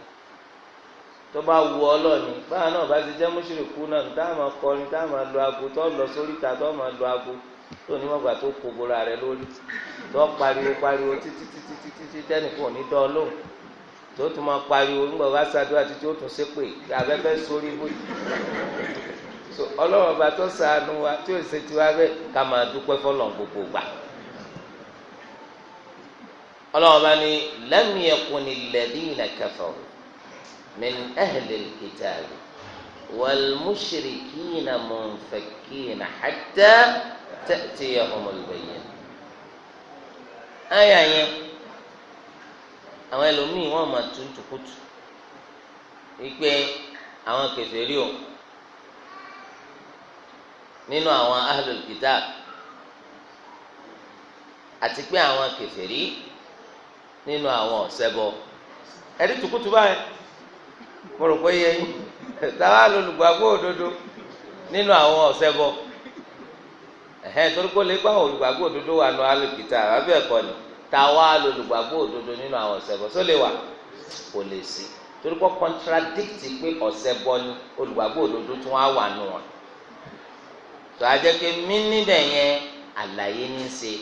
tó bá wù ọlọ́ọ̀ni báwa náà bá ti jẹ́ mùsùlùkù náà táwọn akọrin táwọn lọ aago tó lọ sóríta tó máa lọ aago tó ní wọ́n gbà tó kó bora rẹ lórí tó pariwo pariwo títí títí títí títí tẹ́nìkan ò ní dán lóhùn tó tún máa pariwo ńgbà wá sàdúrà tí ó tún ṣépè abẹ́fẹ́ sórí bóyá so ọlọ́run bá tó ṣàánú wa tí ò ṣe tiwa bẹ́ẹ̀ ká máa dúpẹ́ fọlọ́n gbogbo gbà ọlọ́run ọba ni lam yakuni alladhina kafaru min ahli alkitab wal mushrikina ta'tiyahumul bayyinah ayà yẹn àwọn ẹlòmíì wọn máa tún tùkùtù wípé àwọn kèfèrí o nínú àwọn ahlul kitab àti pé àwọn kèfèrí nínú àwọn ọ̀sẹ́bọ ẹ̀rí tùkùtù báyìí mo rò pé yẹ yín táwa lólùgbàgbọ́ òdodo nínú àwọn ọ̀sẹ́bọ ẹ̀hẹ́ torí kó lè gbà àwọn olùgbàgbọ́ òdodo wà nù alùpìtà àbẹ́ ẹ̀kọ́ ni ta wá lolùgbàgbọ́ òdodo nínú àwọn ọ̀sẹ̀bọ só lè wà kò lè sí torí kó pé ọ̀sẹ̀bọ ni olùgbàgbọ́ òdodo tún wá wà nù wọn. tó a jẹ́ pé mímí dẹ̀ yẹn àlàyé ní í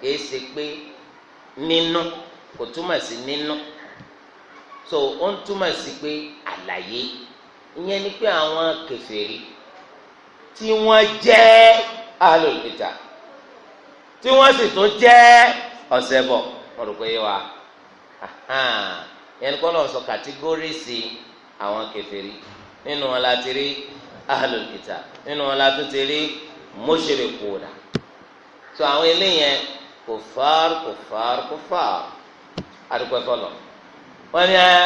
kìí ṣe pé nínú kò túmọ̀ sí nínú so ó ń túmọ̀ sí pé àlàyé ìyẹn ni pé àwọn kèfèrí tí wọ́n jẹ́ alòlùdìjà tí wọ́n sì tún jẹ́ ọ̀sẹ̀ bọ̀ wọ́n rò pé wa yẹn kọ́ lọ́n sọ kàtígórìsì àwọn kèfèrí nínú wọn la ti rí alòlùdìjà nínú wọn la tún ti rí mọ́ṣẹ̀rẹ̀kùnà tó àwọn eléyẹn kò far kò far kò far adúgbò ẹ̀fọ́ lọ wọ́n ní ẹ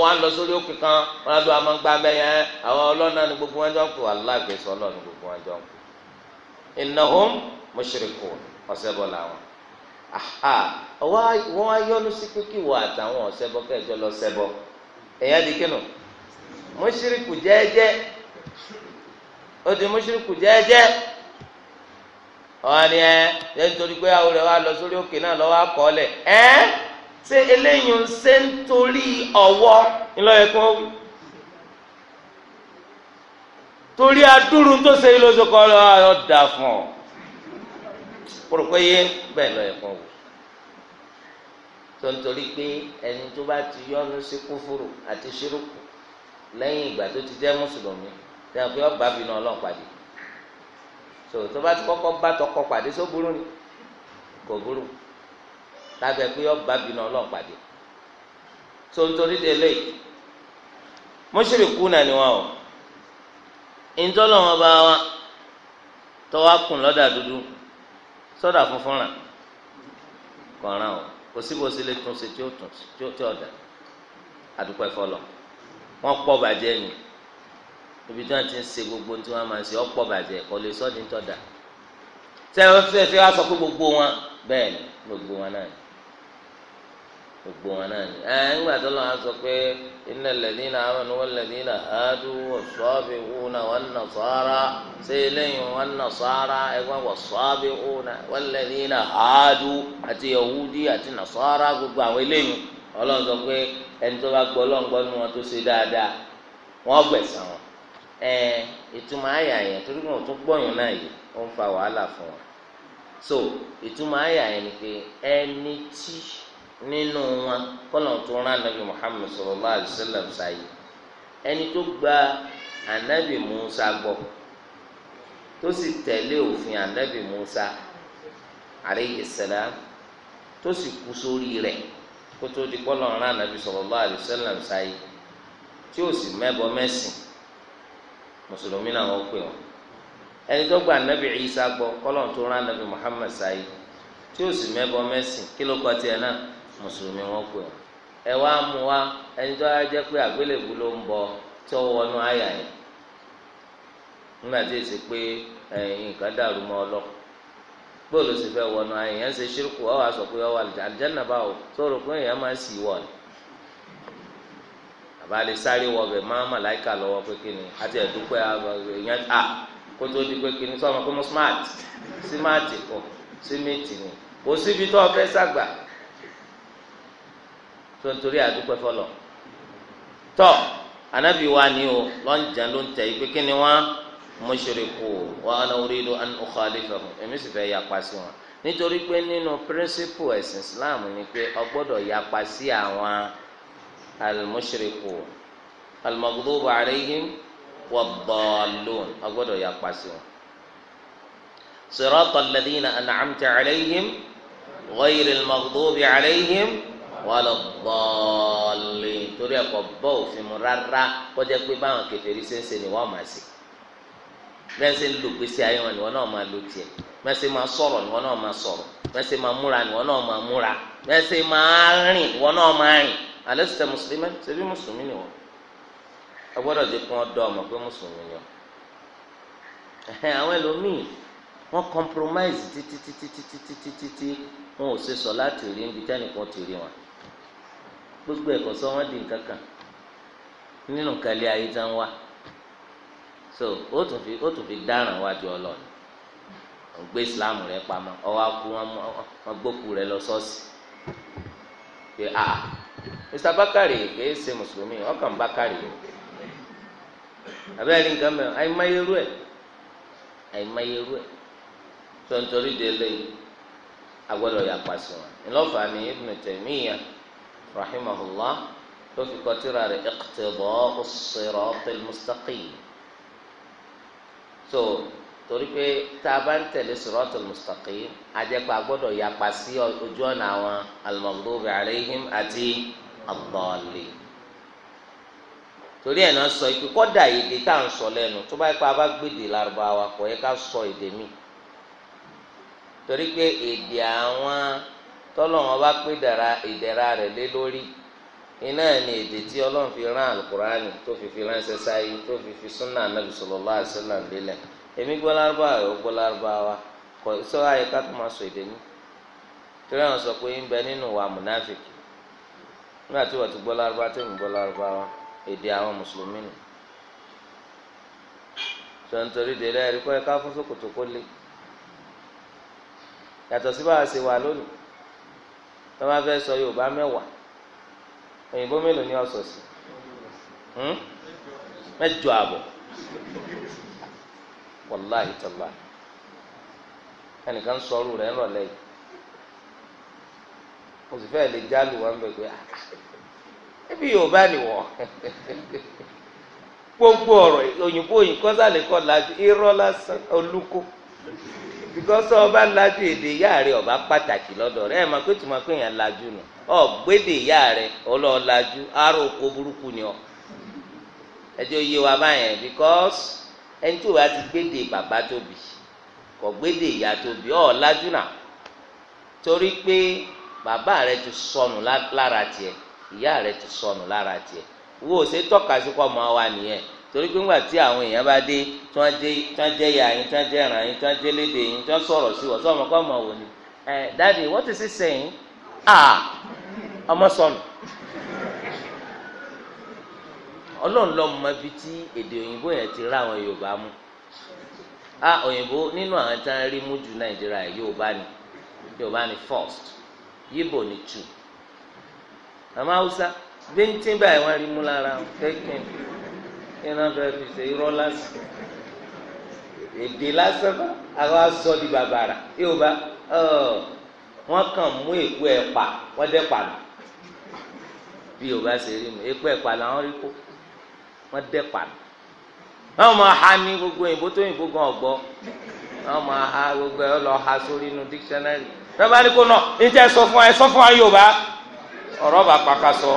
wọ́n á lọ sórí òkè kan wọ́n á lọ àmọ́ gbá mẹ́yẹn àwọn ọlọ́nà ni gbogbo wọn jọ ń pè wà láàgbèsọ ọlọ́ọ̀ni gbogbo wọn jọ ń pè. innahum mushrikun ọ̀sẹ̀ bọ̀ làwọn wọ́n á yọnu kí àtàwọn ọ̀sẹ̀ kẹjọ lọ sẹ́bọ̀ ẹ̀yà di kínú mushriku jẹ́ẹ́jẹ́ ó di mushriku jẹ́ẹ́jẹ́ wọ́n ni ẹ nítorí pé àwọn lọ sórí òkè náà eléyìí ń ṣe ń torí torí adúrú tó ṣe lóṣù kọ́ lọ ọ da fún ọ kúrò pé yé bẹ́ẹ̀ lọ ẹ̀kọ́ wò tó ń torí pé ẹni tó bá ti yọnu sí kúfúrú àti ṣírùkù lẹ́yìn ìgbà tó ti jẹ́ mùsùlùmí tẹ̀wọ́n pé ọba bínú ọlọ́run pàdé so tó bá ti kọ́kọ́ bá tọkọ pàdé só burú ni kò burú lábẹ́ pé ọba bínú ọlọ́run tó ń torí délé mùsùlùmí kú náà ni wọn o. ìtọ́lọ̀ wọn bá wa tọ́wá kùn lọ́dà dúdú sọ́dà funfun rà kọ̀ọ̀ràn o kò síbi lè tún ṣe tí ó tún tí ó ọ̀dà àdúpọ̀ ẹ̀fọ́ wọ́n pọ̀ bàjẹ́ ni gbogbo tí wọ́n máa ń ṣe ọ̀pọ̀ bàjẹ́ kò lè sọ́ọ̀dì ń fẹ́ fẹ́ gbogbo wọn bẹ́ẹ̀ ni gbogbo wọn gbogbo wọn náà ni ẹ ńgbà tó lọ́wọ́ sọ pé innal ladhina amanu wal ladhina hadu was-sabi'una wan-nasara ṣé eléyìí wan-nasara ẹgbẹ́ was-sabi'una wal ladhina hadu àti yahudi àti nasara gbogbo àwọn eléyìí ọlọ́run sọ pé ẹni tó bá gbọ́ ọlọ́run gbọ́ nínú wọn tó ṣe dáadáa wọ́n gbẹ̀san wọn ẹ ìtumọ̀ ayà yẹn torí wọn ò tún gbọ́yàn náà yìí ó ń fa wàhálà fún wọn so ìtumọ̀ ayà yẹn ni pé ẹni tí. nínú wọn kọlọ̀ tó rán anabi muhammed sallallahu alayhi eni sáyé gba anabi musa gbọ́ tó sì tẹ̀lé òfin anabi musa ari tó sì kú sórí rẹ̀ kó tó di kọlọ̀ rán anabi sallallahu alayhi sáyé tí ó sì mẹ́bọ mẹ́sìn mùsùlùmí náà wọ́n pè gba anabi isa gbọ́ kọlọ̀ tó rán anabi muhammed sáyé tí ó sì mẹ́bọ mẹ́sìn kí mùsùlùmí wọn pè wọn ẹ wá mú wa ẹni tó wá jẹ pé àgbélébù ló ń bọ tó wọnú àyà yẹn nígbà tí èsì pé nǹkan dàrú ọlọ bóòlù sì fẹ́ wọnú àyà yẹn ṣe ṣírùkù ọ wà pé ọ báwo tó rò pé èèyàn máa sì wọ ni máa mà láìka pé kí ni àti à kó tó di pé kí ni sọ ma pé mo smart o tó nítorí àdúpẹ́ fọlọ́ tọ́ anabi wa ni o lọ́njà ló ń tẹ̀ yí pé kí ni wọ́n mushriku wa ana uridu an ukhalifahum èmi sì fẹ́ yapa sí wọn nítorí pé nínú píríncípù ẹ̀sìn islam ni pé o gbọ́dọ̀ yapa sí àwọn al-mushriku al-maghdubu alayhim wad-dallun o gbọ́dọ̀ yapa sí wọn. sirata alladhina an'amta alayhim ghayril maghdubi wàhálà bọ́ọ̀lì torí ẹ̀kọ́ bọ́ òfin mu rárá kọjá pé báwọn kẹfẹ́rí ṣe ni wọ́n máa ṣe bẹ́ẹ̀ ṣe ayé wọn ni náà máa lò tiẹ̀ bẹ́ẹ̀ máa ni náà máa sọ̀rọ̀ bẹ́ẹ̀ máa múra ni náà máa múra máa rìn ni wọ́n náà rìn gbogbo ẹ̀kọ́ sọ wọ́n di nǹkan kan nínú kẹlẹ ayé tá so ó tún fi ó tún fi dáràn wájú Ọlọ́run ò gbé islam rẹ pamọ́ ọwọ́ akú wọn gbókù rẹ lọ ṣọ́ọ̀ṣì pé a mr bakari kìí ṣe mùsùlùmí ọkàn bakari o abẹ́rẹ́ nǹkan mẹ́rin àìmáyérú ẹ̀ àìmáyérú ẹ̀ tó ń torí délé agbọ́dọ̀ yà pàṣẹ wọn ńlọ́fà ni rahimahullah ló fi kọ tírà rẹ̀ iqtida'u siratil mustaqim so torí pé tá a bá ń tẹ̀lé siratil mustaqim ajẹ́pẹ́ agbọ́dọ̀ yapa sí ojú ọ̀nà àwọn al-maghdubi alayhim àti ad-dallin torí ẹ̀ náà sọ pé kọ́dà èdè tá à ń sọ lẹ́nu tó bá yẹ pé a bá gbèdè lárúbáwá kò yẹ ká sọ èdè mi torí pé èdè àwọn tọ́lọ́run ọba pé dara ìdẹ̀ra rẹ̀ lé lórí iná ni èdè tí ọlọ́run fi rán alukurani tó fi fi ránṣẹ́ sáyé tó fi fi súnà anabi sallallahu alaihi wasallam lélẹ̀ èmi gbọ́ lárúbáwá ò gbọ́ lárúbáwá kò sọ ayé ká tó máa sọ èdè mi torí àwọn sọ pé ń bẹ nínú wa mùnáfìkì nígbà tí wọ́n ti gbọ́ lárúbáwá tó ń gbọ́ lárúbáwá èdè àwọn mùsùlùmí nù sọ̀ntorí délẹ̀ ẹ̀rí kọ́ ẹ ká fún sókòtò kó lé yàtọ̀ sí ṣe wà lónìí tó bá fẹ́ sọ Yorùbá mẹ́wàá òyìnbó mélòó ni ọ̀sọ̀ sí hmm? mẹ́jọ àbọ̀ wàláhì tàlá ẹnìkan sọ̀rọ̀ rẹ̀ ńrọ̀lẹ́ yìí mo sì fẹ́ lè jálù wọn bẹ̀ pé ẹbí ah, Yorùbá ni wọ́n [laughs] gbogbo ọ̀rọ̀ òyìnbó òyìnbó sálẹ̀ kọ́ lajú irọ́ lásán olúkó. bíkọ́sọ́ ọba lajú èdè ìyá rẹ ọba pàtàkì lọ́dọ̀ rẹ ẹ mọ̀ pé tùmọ̀ pé èèyàn lajú nù ọ̀gbẹ́dẹ̀ ìyá rẹ ọlọ́ọ̀ lajú oko burúkú ni ọ ẹjọ́ yé wa báyẹn ẹni ti gbẹ́dẹ̀ bàbá tóbi kò gbẹ́dẹ̀ ìyá tóbi ọ lajú nà torí rẹ ti sọnù lára rẹ ti sọnù lára wo ṣe tọ́ka sí kọ́ ọmọ torí pé ńgbà tí àwọn èèyàn bá dé tí wọ́n jẹ́ tí wọ́n jẹ́ ìyá yín tí wọ́n jẹ́ ìràn yín tí wọ́n jẹ́ léde yín tí wọ́n sọ̀rọ̀ sí wọ́n sọ ọmọ kọ́ ọmọ wò ni ẹ dáàdi what is he saying ah ọmọ sọnù ọlọ́run ló mọ ibi tí èdè òyìnbó yẹn ti rá àwọn yorùbá mú ah òyìnbó nínú àwọn tí wọ́n rí mú ju nàìjíríà yorùbá ni yorùbá ni first yíbò ni two àmọ́ haúsá bí ń tí báyìí wọ́n rí mú lára kékeré iná fẹ́ fi ṣe irọ́ lásán èdè lásán àwọn aṣọ di bàbàrà yóò bá wọn kàn mú èkó ẹ pa wọn dẹ pa nù bí yóò bá ṣe rí mu èkó ẹ pa làwọn rí kó wọn dẹ pa nù wọn máa ha ní gbogbo òyìnbó tó òyìnbó gan ọgbọ wọn máa ha gbogbo ẹ lọ ha sórí inú dictionary wọn bá ní kó nà ní sọ fún ẹ sọ fún ẹ yóò bá ọ̀rọ̀ bá pàkà sọ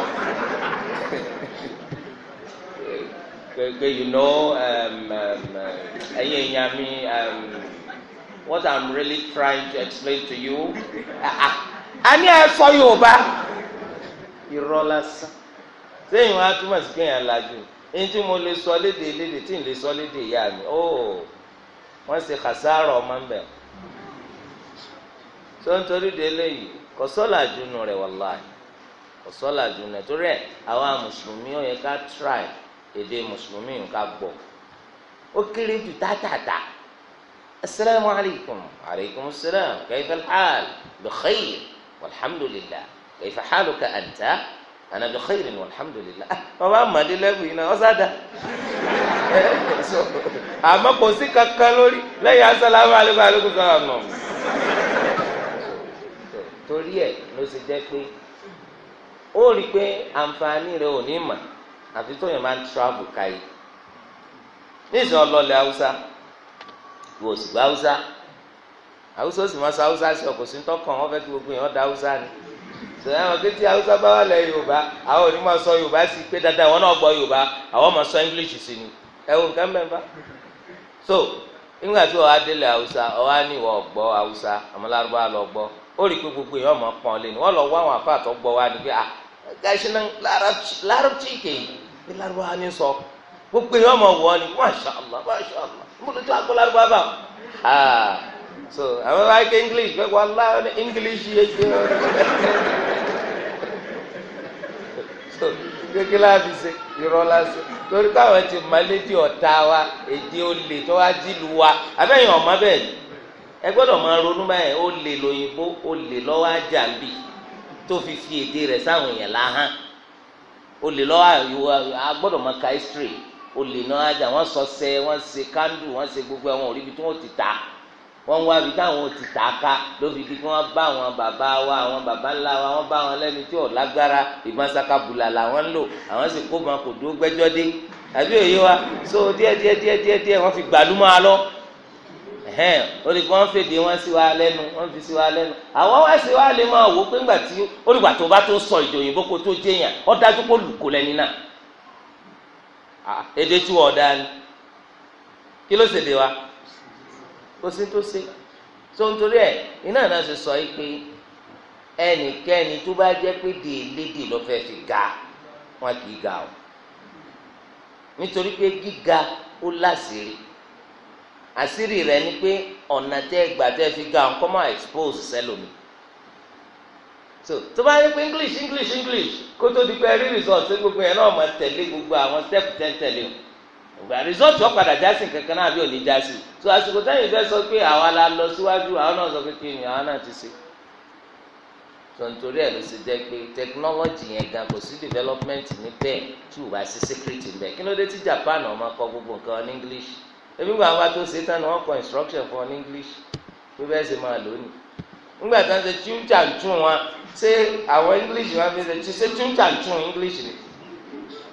pé you know um, um, uh, ẹ̀yin èèyàn mi um, what i'm really trying to explain to you ah, ah, a ní ẹ sọ yorùbá irọ́ lásán sẹ́yìn wọn á túmọ̀ sí pé èèyàn lajú ní tí mo lè sọ léde léde tí n lè sọ léde ìyá mi ó oh, wọ́n ṣe kàsáàrọ̀ ọmọ ń bẹ̀ tó ń torí de eléyìí kò sọ́là junu rẹ̀ wàláì kò sọ́là junu rẹ̀ torí ẹ̀ àwa mùsùlùmí ó yẹ ká try èdè mùsùlùmí nǹkan gbọ́ ó kéré jù tátàtà asalaamu alaykum alaykum salaam kayfa alxaal bikhayr walhamdulilah kayfa xaaluka anta ana bikhayr walhamdulilah ọba ah, amadi lẹ́gùn yìí náà ọ̀sádà [laughs] eh, àmọ́ kò sí kankan lórí lẹ́yìn asalaamu alaykum alaykum salaam nọ. torí ẹ̀ ló ṣe jẹ́ pé ó rí i pé àǹfààní rẹ̀ ò ní mà àfi tó yẹn máa ń travel káyé níìsín ọlọ́lẹ̀ haúsá wò sì gba haúsá haúsá ó sì máa sọ haúsá sí ọkọ̀ sí tọkàn wọn fẹ́ kí gbogbo yẹn ọ̀dà haúsá ni sọ̀rọ̀ àwọn pé tí haúsá bá wà lẹ̀ yorùbá àwọn òní máa sọ yorùbá sí pé dáadáa wọn náà gbọ́ yorùbá àwọn máa sọ english sí ni ẹ wo nǹkan mẹ́fà so nígbà tí ọ̀há délẹ̀ haúsá ọ̀há ní ìwọ ọ̀gbọ́ haúsá àmọ́lárúbá lọ gbọ́ ó rí i pé gbogbo èèyàn máa pọ́n lé ni wọ́n lọ wá àwọn àfáà tó gbọ́ wá ni pé ah gàṣínà lárúbí kèyí pé lárúbáwá ní sọ gbogbo èèyàn ọmọ wọ ni masha allah masha allah mo lè tó àgbo lárúbáwá bá ah so I bá ké english pé wàhálà ní english yé ké so kékeré láti ṣe irọ́ láti torí káwọn ti malédì ọ̀tá wa èdè olè tó wá dìlù wa abẹ́yìn ọ̀mọ bẹ́ẹ̀ ni ẹ gbọ́dọ̀ máa ronú báyẹn olè lóyìnbó olè lọ́wọ́ ajá bì tó fi fi èdè rẹ̀ sáwọn èèyàn láhán olè lọ́wọ́ agbọ́dọ̀ mọ ká history olè náà ajá wọ́n sọsẹ wọ́n ṣe kándù wọ́n ṣe gbogbo àwọn òríbi tí wọ́n ti ta wọ́n wá ibi táwọn ti ta ká ló fi di kí wọ́n bá àwọn bàbá wa àwọn bàbá ńlá wa wọ́n bá àwọn lẹ́nu tí ò lágbára ìbọn sakabula làwọn ń lò àwọn sì kó wọn kò dúró gbẹ́jọ́ dé àbí òye wa so díẹ̀ díẹ̀ díẹ̀ díẹ̀ díẹ̀ wọ́n fi gbàlúmọ́ alọ́ ẹhẹn olùkọ́ wọn fèdè wọn sí wa lẹ́nu wọn fi sí wa lẹ́nu àwọn wá sí wa lè máa wò ó pé ńgbà tí olùgbà tó bá tó sọ èdè òyìnbó kó tó jẹyàn ó dájú pé olùkọ́ lẹ́ni náà èdè tí wọ́n dá ni kí ló ṣèdè wa kó sí tó ṣe ẹ iná náà ṣe sọ yìí pé ẹnikẹ́ni tó bá jẹ́ pé dèélédè ló fẹ́ fi ga wọn kì o nítorí pé gíga ó láṣìírí. àṣírí rẹ̀ ni pé ọ̀nà tẹ́ gbà tẹ́ fi ga ọ̀n kọ́mọ́ expose sẹ́lómi so tó bá yẹ pé english english english kó tó di pé rí result ṣé gbogbo yẹn náà máa tẹ̀lé gbogbo àwọn step tẹ́ ń tẹ̀lé o ìgbà result wọn padà jásìn kankan náà bí ò jásìn so àsìkò táyìn fẹ́ sọ pé àwa la lọ síwájú àwọn náà sọ pé kí ni àwọn náà ti ṣe so nítorí ẹ̀ ló ṣe jẹ́ pé technology yẹn gan kò sí development ní bẹ́ẹ̀ tí ò bá sí secret ń bẹ kí ló dé tí Japan ọmọ kọ gbogbo nǹkan ní English ebi gba àwọn tó ṣe tán ni kọ instruction for English pé bẹ́ẹ̀ ṣe máa lò ó nì tí wọ́n ṣe tíútà tún wọn àwọn English wọn fi ṣe ṣe English ni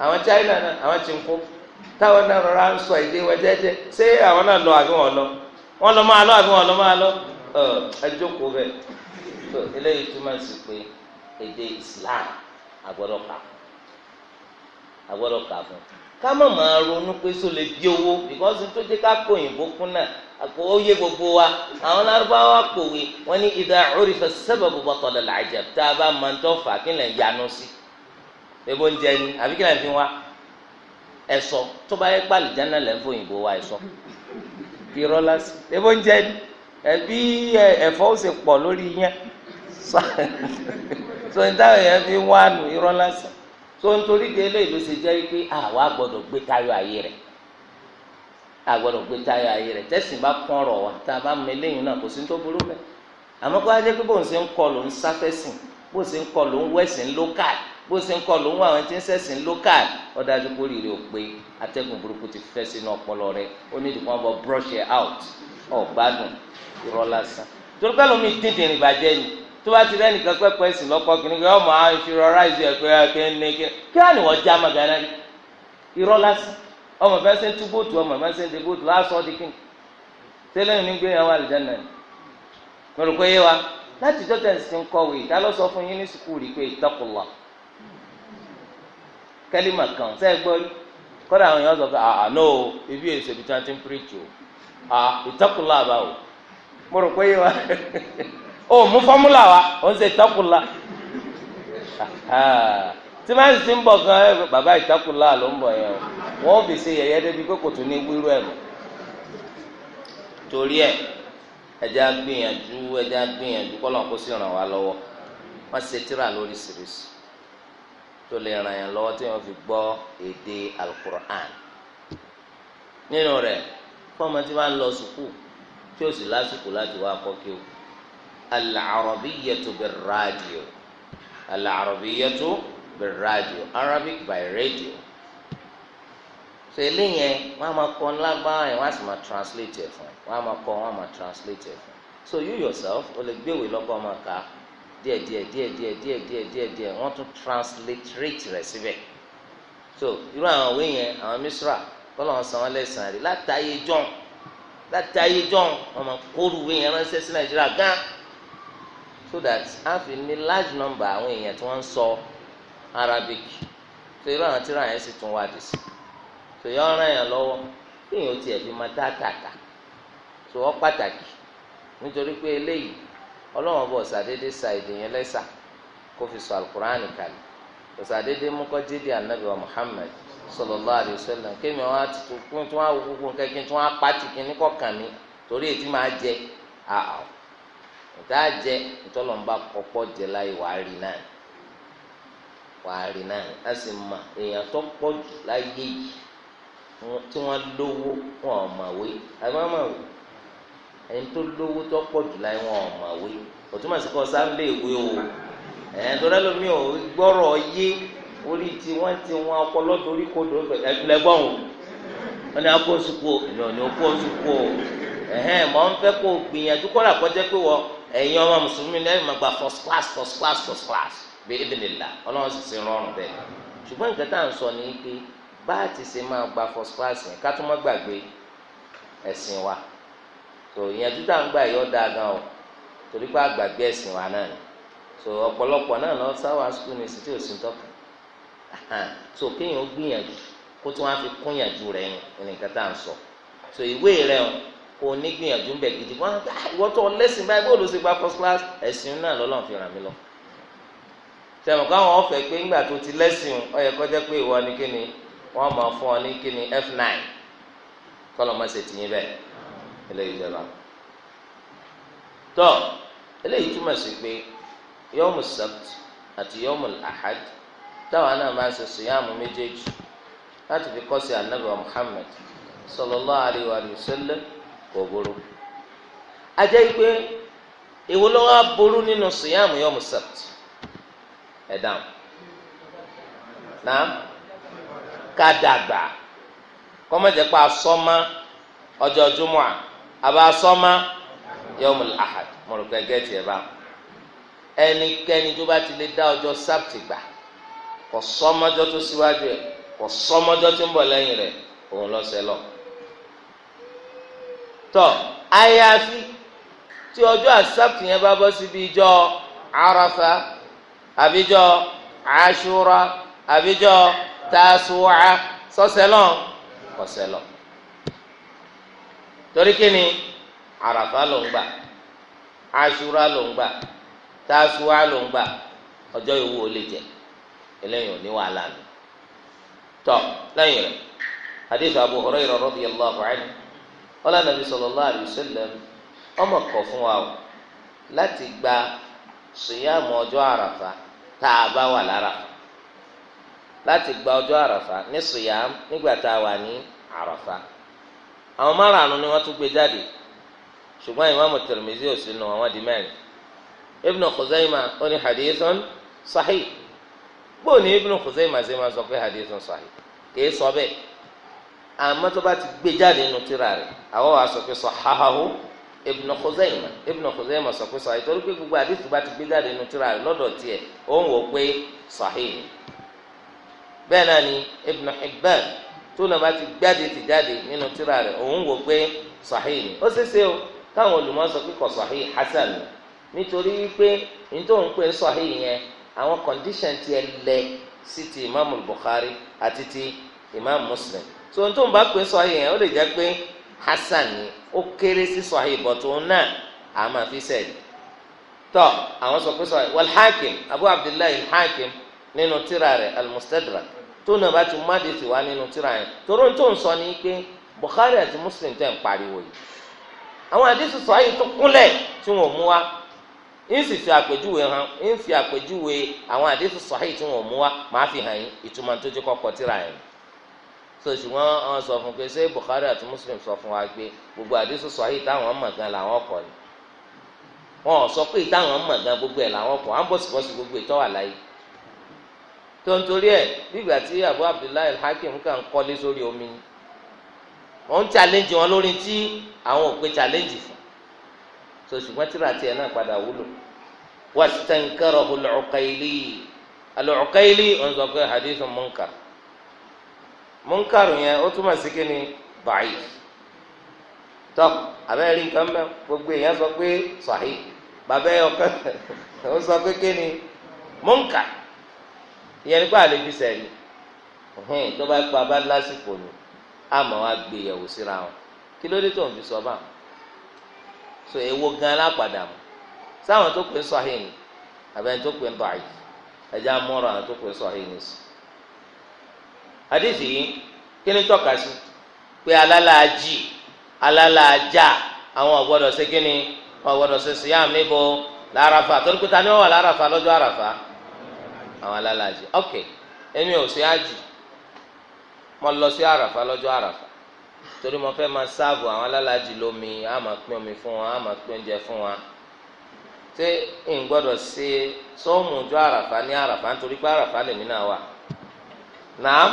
àwọn China na àwọn táwọn náà rọra ń sọ èdè wọn jẹ́jẹ́ ṣé àwọn náà lọ àbí wọn lọ wọn lọ máa lọ àbí wọn lọ máa lọ ẹ jókòó Islam kà ká má máa ronú pé só lè bí owó because tó jẹ́ ká kó òyìnbó kún náà àpò òye gbogbo wa àwọn lárúbáwá kòwé wọn ní idha urifa sababu batala al-ajab tá a bá máa ń tọ́ fà kí lè yanu sí ebo ń jẹ ni àbí kí lè fi wá ẹ̀sọ́ tó bá yẹ pàlì jánà lẹ́ ń fún òyìnbó wa ẹ̀sọ́ irọ́ lásì ebo ń jẹ ni ẹbí ẹ̀fọ́ ó sì pọ̀ lórí yẹn sọ ní táwọn yẹn fi wá nu irọ́ lásì so nítorí de eléyìí ló ṣe jẹ́ pé àwa gbọ́dọ̀ gbé tayọ ayé rẹ̀ àgbọ́dọ̀ gbé tayọ ayé rẹ̀ tẹ̀sìn bá kún ọ̀rọ̀ wa tá a bá mọ eléyìí náà kò sí tó burú mẹ́ àmọ́ kó ajẹ́ pé bóun ṣe ń kọ ló ń sáfẹ́sìn bóun ṣe ń kọ ló ń wẹ̀sìn lókàl bóun ṣe ń kọ ló ń wọ àwọn tí ń sẹ̀sìn lókàl ó dájú pé oríire ò pé atẹ́gùn burúkú ti fẹ́ sínú ọpọlọ rẹ ó ní ìdìbò wọn bọ brush it out ọ̀gbádùn irọ́ lásán torí pẹ́ lómi dídìrín ìbàjẹ́ ni tó bá ti rẹ́ nìkan pẹ́pẹ́ ẹ̀sìn lọ́kọ́ kìnìún kí ọmọ inferiorize ẹ̀ pé ẹ̀kẹ́ ní kí kí wọ́n ní wọ́n já magana rí irọ́ lásán ọmọ fẹ́ ṣe ń tú bóòtù ọmọ fẹ́ ṣe ń de bóòtù lásán ọdí kí ni ní ni mo rò pé yé wa láti tó tẹ̀ sí ń kọ̀wé ìta ló sọ fún yín no ebi èsè tí wọ́n ti ń o ah, [laughs] ó mú fọ́múlà wa ó ń ṣe ìtọ́kùlá tí máa ń sin bọ̀ gan bàbá ìtọ́kùlá ló ń bọ̀ yẹn o wọ́n fi ṣe yẹ̀yẹ́ débi pé kò tún ní wíru ẹ̀ mọ́ torí ẹ̀ ẹja gbìyànjú ẹja gbìyànjú kọ́lọ́n kó sì ràn wá lọ́wọ́ wọ́n ṣe tíra tó lè ràn lọ́wọ́ tí wọ́n fi gbọ́ èdè alukur'an nínú rẹ̀ fọ́ọ̀mù tí wọ́n á lọ sùkúù tí ó sì lásìkò láti wá al-arabiyatu bi radio al-arabiyatu bi radio arabic by radio so eléyẹn wọn a máa kọ ńlágbára yẹn wọn a sì máa translate ẹ fún ẹ wọn a máa kọ wọn a máa translate ẹ fún ẹ so you yourself o lè gbéwèé lọ́kọ́ ọmọ ká díẹ̀ díẹ̀ díẹ̀ díẹ̀ díẹ̀ díẹ̀ díẹ̀ díẹ̀ wọ́n tún transliterate rẹ̀ síbẹ̀ so irú àwọn òwe yẹn àwọn misra kọ́lọ́n san wọ́n lẹ́sàn-án rí látàyè john látàyè john wọ́n máa kóru òwe yẹn ránṣẹ́ sí nàìjíríà gan so that a fi ní large number àwọn èèyàn tí wọ́n ń sọ Arabic tó irú àwọn tíra yẹn sì tún wá dì sí tó yọ ọ̀ràn yẹn lọ́wọ́ kí èèyàn tiẹ̀ fi máa tó wọ́n pàtàkì nítorí pé eléyìí ọlọ́wọ́n bọ̀ sàdédé sa èdè yẹn lẹ́sà kó fi sọ alukur'an kalẹ̀ anabi wa kémi wọn tí wọn gbogbo nǹkan kí ọ̀tá jẹ ìtọ́lọ́mbà kọ́pọ́ jẹ láyé wàá rí náà wàá rí náà a sì mọ èèyàn tó pọ̀ jù láyé yìí tí wọ́n lówó wọn ò mọ̀wé àgbà mọ̀wé ẹni tó lówó tó pọ̀ jù láyé wọn ò mọ̀wé òtún màsí kọ́ sáńlé ìwé o ẹ̀yìn tó rẹ́ lómi ò gbọ́rọ̀ yé orí tí wọ́n ti wọn ọpọlọ torí kodò ẹgbẹ́gbọ́n o wọ́n ní akó oṣù kú o ìnáwó ni ó kó oṣù ẹ̀hẹ́n mọ̀ ń fẹ́ kó gbìyànjú kọ́ra kọjá pé wọ́n ẹ̀yin ọmọ mùsùlùmí lẹ́yìn máa gba first class first class first class bí ibìnlélà ọlọ́run sì ti rọrùn bẹ́ẹ̀ ṣùgbọ́n nǹkan tá à ń sọ ni pé bá a ti ṣe máa gba first class yẹn ká tó má gbàgbé ẹ̀sìn wa tó ìyẹnjú tá à ń gbà yọ dáa o torí pé àgbàgbé ẹ̀sìn wa náà ni so ọ̀pọ̀lọpọ̀ náà lọ sáwà skul ní ìsìn tí ò sí tọ́ka so kéèyàn gbìyànjú kó tó wá fi kúnyànjú rẹ̀ yẹn nǹkan tá à ń sọ so ìwé rẹ̀ o kò ní gbìyànjú bẹ̀ gidi wọn ah, ìwọ tó lẹ́sìn báyìí bó ló gba first class ẹ̀sìn náà lọ́lọ́run fi ràn mí lọ. káwọn ọ̀fẹ́ pé ńgbà tó ti lẹ́sìn ọ yẹ kọjá pé ìwọ ni wọ́n fún f9 kọ́lọ̀ má ṣe tìyín bẹ́ẹ̀ eléyìí jẹba. tọ́ eléyìí túmọ̀ sí pé yọ́mù sabt àti yọ́mù ahad táwọn náà máa ń ṣe sùyàmù méjèèjì láti fi kọ́ sí kò burú ajẹ́ pé èwo ló wá burú nínú siyam yom sabt ẹ̀ dáhùn náà ká dàgbà kọ́mọ̀jẹ̀ ọjọ́ júmọ́ àbá asọ́mọ́ yom ahad mọ̀lùkọ́ ẹ̀gẹ́ tiẹ̀ bá ẹnikẹ́ni tó ti lè dá ọjọ́ sábtì gbà kò sọ́mọ́jọ́ tó síwájú ẹ̀ kò sọ́mọ́jọ́ tó ń tọ àyàfi tí ọjọ́ àsáptì yẹn bá bọ́ síbi ìjọ Arafa àbíjọ Ashura àbíjọ Tasu'a sọ́sẹ́lọ̀ kọ̀sẹ́lọ̀ torí kí ni Arafa ló ń gbà Ashura ló ń gbà Tasu'a ló ń gbà ọjọ́ ìwú ó lè jẹ eléyìí ò ní wàhálà nù tọ lẹ́yìn rẹ̀ hadith Abu Hurairah radiyallahu anhu ọlọ́run nàbí sallallahu alaihi wasallam ọmọ kọ̀ fún wa o láti gba sùyàmù ọjọ́ àràfà tá a bá wà lára láti gba ọjọ́ àràfà ní sùyàmù nígbà tá a wà ní àràfà àwọn márààrún ni wọ́n tún gbé jáde ṣùgbọ́n ìmáàmù Tirmidhi ò sínú àwọn di mẹ́rin Ibn Khuzaimah ó ní hadithun sahih bóòní Ibn Khuzaimah ṣe máa sọ pé hadithun sahih kì í sọ bẹ́ẹ̀ àmọ́ tó bá ti gbé jáde nínú tírà rẹ̀ àwọn wa sọ pé sahahahu Ibn Khuzaima Ibn Khuzaima sọ pé sahih torí pé gbogbo àdìsí bá ti gbé jáde nínú tírà rẹ̀ lọ́dọ̀ tiẹ̀ ó ń wò pé sahih ni bẹ́ẹ̀ náà ni Ibn Hibban tó náà bá ti gbáde ti jáde nínú tírà rẹ̀ òun wò pé sahih ni ó ṣeéṣe o káwọn olùmọ̀ sọ pé kò sahih hasan nítorí wípé nítorí òun pé sahih yẹn àwọn condition tiẹ̀ lẹ sí ti imaamu Bukhari àti ti imaamu Muslim so n tó ń bá pè sọhí yẹn ó lè jẹ́ pé hasan ni ó kéré sí sọhí bọ̀tún náà a máa fi sẹ́yìn tọ́ àwọn sọ pé sọhí walhakim abu abdullahi Hakim, nínú tírà rẹ̀ almustadrak tó náà bá ti mú àdìsí wá nínú tírà yẹn toró tó ń sọ ni pé bukhari àti muslim tẹ̀ ń pariwo yìí àwọn àdìsí sọhí tó kúnlẹ̀ tí wọ́n mú wá ń sì fi àpèjúwe hàn ń fi àpèjúwe àwọn àdìsí sọhí tí wọ́n mú wá máa fi hàn yín ìtumọ̀ tó ti kọ́kọ́ tírà yẹn so ṣùgbọ́n àwọn sọ fún pé ṣé Bukhari àti Muslim sọ fún wa gbé gbogbo àdísù sọ̀hí táwọn mọ̀ gan làwọn kọ̀ ni wọn ò sọ pé táwọn mọ̀ gan gbogbo ẹ̀ làwọn kọ̀ à bọ̀sibọ̀sì gbogbo ìtọ́ wà láyé tó ń torí ẹ̀ nígbà tí Abu Abdullahi hakim kà ń kọ́lé sórí omi wọn ń challenge wọn lórí tí àwọn ò pé challenge fún so ṣùgbọ́n tíra tiẹ̀ náà padà wúlò wàtí tankarahu al-Uqayli al múnkàrù yẹn ó túmọ̀ sí kí ni bàyì tọ́ abẹ́rẹ́ nǹkan mẹ́ gbogbo èèyàn sọ pé sàhí bàbá ẹ̀ ọ̀kan ó sọ pé kí ni múnkà ìyẹn nípa àlejò sẹ́yìn tó bá pa bá lásìkò ni àmọ́ wa gbé ìyẹ̀wò síra wọn kí ló dé tó ń fi sọ so èwo gan alápàdà mu sáwọn tó pè ń sọ àhìn àbẹ̀yìn tó pè ń bàyì ẹ̀já mọ́ra tó pè sọ àdìsí yìí kí ni tọ́ka sí pé alálàájì alálàájà àwọn ọ̀gbọ́dọ̀ ṣe kí ni wọn gbọ́dọ̀ ṣe síyàm níbo láràfà torí pé ta ni wọn wà láràfà lọ́jọ́ àràfà àwọn alálàájì ok èmi ò sí àjì mo lọ sí àràfà lọ́jọ́ àràfà torí mo fẹ́ máa ṣáàbù àwọn alálàájì lómi á máa pín omi fún wọn á máa pín oúnjẹ fún wọn ṣé n gbọ́dọ̀ ṣe sọ́ọ̀mù ọjọ́ àràfà ní àràfà nítorí pé àràfà lèmi náà wà náà.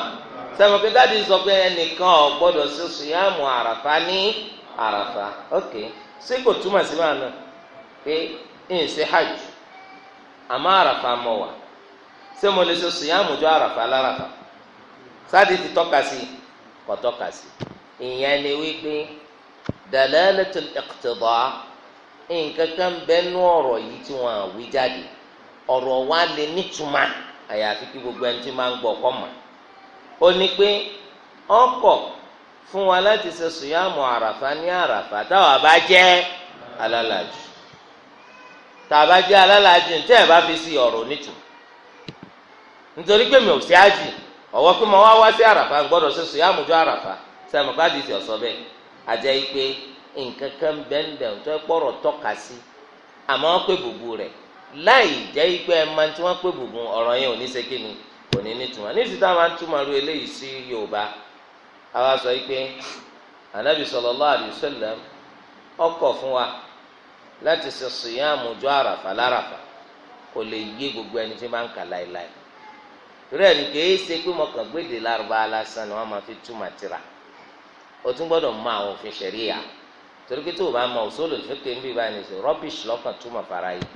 sẹ́wọ̀n pé dáàdi sọ pé ẹnìkan ò gbọ́dọ̀ sí sùyàmù àràfà ní àràfà ok ṣé kò túmọ̀ sí máa nà pé ń ṣe hajj àmọ́ àràfà mọ̀ wá ṣé mo lè ṣe sùyàmù jọ àràfà láràfà sáàdì ti tọ́ka sí kò tọ́ka sí ìyẹn ni wípé dalalatul iqtida nǹkan kan bẹ́nu ọ̀rọ̀ yìí tí wọ́n àwí jáde ọ̀rọ̀ wa lè àyàfi kí gbogbo ẹni tí máa ń gbọ́ ọkọ̀ ó pé ọkọ̀ fún wa láti ṣe sùyàmù àràfà ní àràfà táwa bá jẹ́ alálàájì tàbá bá fi sí ọ̀rọ̀ nítù nítorí pé mi ò sí ájì ọ̀wọ́ pé mo wá wá sí àràfà gbọ́dọ̀ ṣe sùn yàmùjọ àràfà sẹ́mi káàdì ọsọ ọ̀sọ́ bẹ́ẹ̀ àjẹ́ pé nǹkan kan kò ní nítumọ̀ nísìsiyìí táwọn máa ń túmọ̀ ru eléyìí sí yorùbá àwa sọ pé anabi sallallahu alaihi wasallam ó kọ̀ fún wa láti ṣe síyàmù ọjọ́ àràfà láràfà kò lè yé gbogbo ẹni tí máa ń kà láéláé rẹ ní kì ṣe pé mọkàn lárúbá lásán ni wọn máa fi túmọ̀ tira o tún gbọ́dọ̀ mọ àwọn òfin ṣẹ̀ríyà torí pé tó o bá mọ òṣòlò fẹkẹ ń bí báyìí ní sè rọbìṣì lọkàn túmọ̀ fara yìí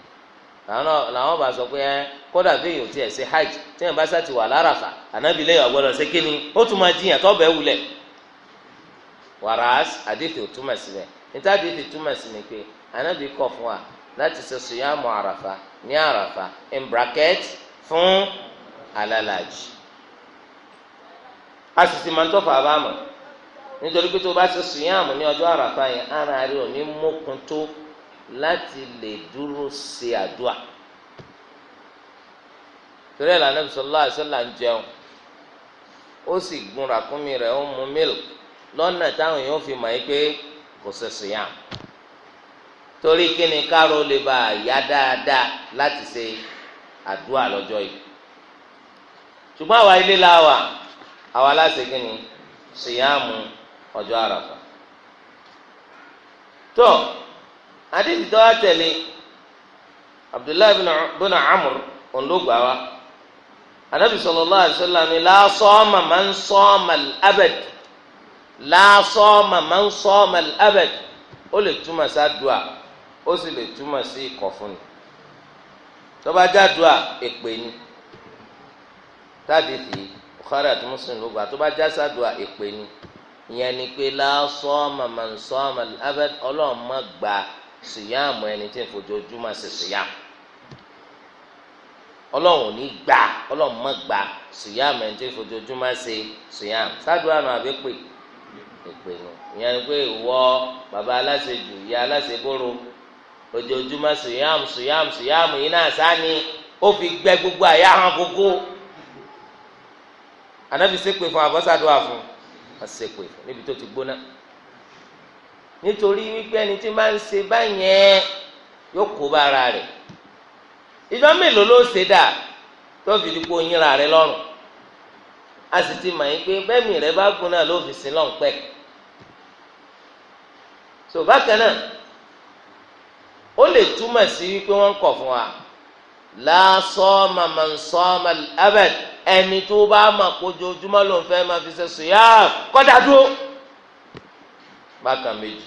làwọn bá sọ pé ẹ kódà bí èèyàn ti ẹ̀ ṣe hajj tí èèyàn bá sá ti wà láràfà ànábì lẹ́yìn ọ̀gbọ́dọ̀ ṣe kíni ó tún máa jiyàn tọ́bẹ̀ wulẹ̀ wàràás àdìtì ò túmọ̀ sí rẹ̀ níta àdìtì túmọ̀ sí ni pé ànábì kọ̀ fún wa láti ṣe sùyàmù àràfà ní àràfà in bracket fún alálàjì a sì ti máa ń tọ́fà báàmù nítorí pé tó bá ṣe sùyàmù ní ọjọ́ àràfà yẹn ara ò ní tó láti lè dúró ṣe àdúà torí ẹ̀la Ànábì sallallahu alaihi wasallam ń jẹun ó sì gun ràkúnmí rẹ̀ ó mu mílk lọ́nà táwọn èèyàn fi mọ̀ pé kò ṣẹ̀ṣẹ̀ yàn torí kí ni káàró lè bá a yá dáadáa láti ṣe àdúà lọ́jọ́ yìí ṣùgbọ́n àwa ilé la wà àwa láti kí ni ṣìyàmù ọjọ́ àràfà tó. So, àdéhùn tó wá tẹ̀lé abdullahi bin amur òun ló gbà wá anabi sallallahu alaihi wasallam la soma man soma al-abad la soma man soma al-abad ó lè túmọ̀ sí àdúà ó sì lè túmọ̀ sí ìkọ̀fúnni tó bá jádùá èpè ni tádìsì Bukhari àti Muslim ló gbà tó bá já sádùá èpè ni ìyẹn ni man soma al-abad ọlọ́run má síyáàmù ẹni tí ń fojoojúmọ́ ṣe síyáàmù ọlọ́run ò ní gbà ọlọ́run má gbà síyáàmù ẹni tí ń fojoojúmọ́ ṣe síyáàmù sádùá nù àbí pè pè nù ìyẹn ni pé ìwọ bàbá aláṣejù ìyá aláṣeboro ojoojúmọ́ síyáàmù síyáàmù síyáàmù yìí náà sáni ó fi gbẹ gbogbo àyà hàn gbogbo anábì ṣépè fún abọ́sàdúrà fún ọ ṣépè níbi tó ti gbóná nítorí wípé ẹni tí máa ń ṣe báyẹn yóò kó bára rẹ̀ ìjọ mélòó ló ṣe dà tó fi dìpọ̀ yínra rẹ̀ lọ́rùn a sì ti mọ̀ yín pé bẹ́ẹ̀mì rẹ̀ bá gun náà ló fi sin lọ́n pẹ́ so bákan náà ó lè túmọ̀ sí wípé wọ́n ń kọ̀ fún wa lásọ́ọ̀mà mọ̀nsọ́ọ̀mà abẹ́d ẹni tó bá mọ̀ kójoojúmọ́ ló ń fẹ́ máa fi ṣe sùn yá kọ́dà dúró bákan méjì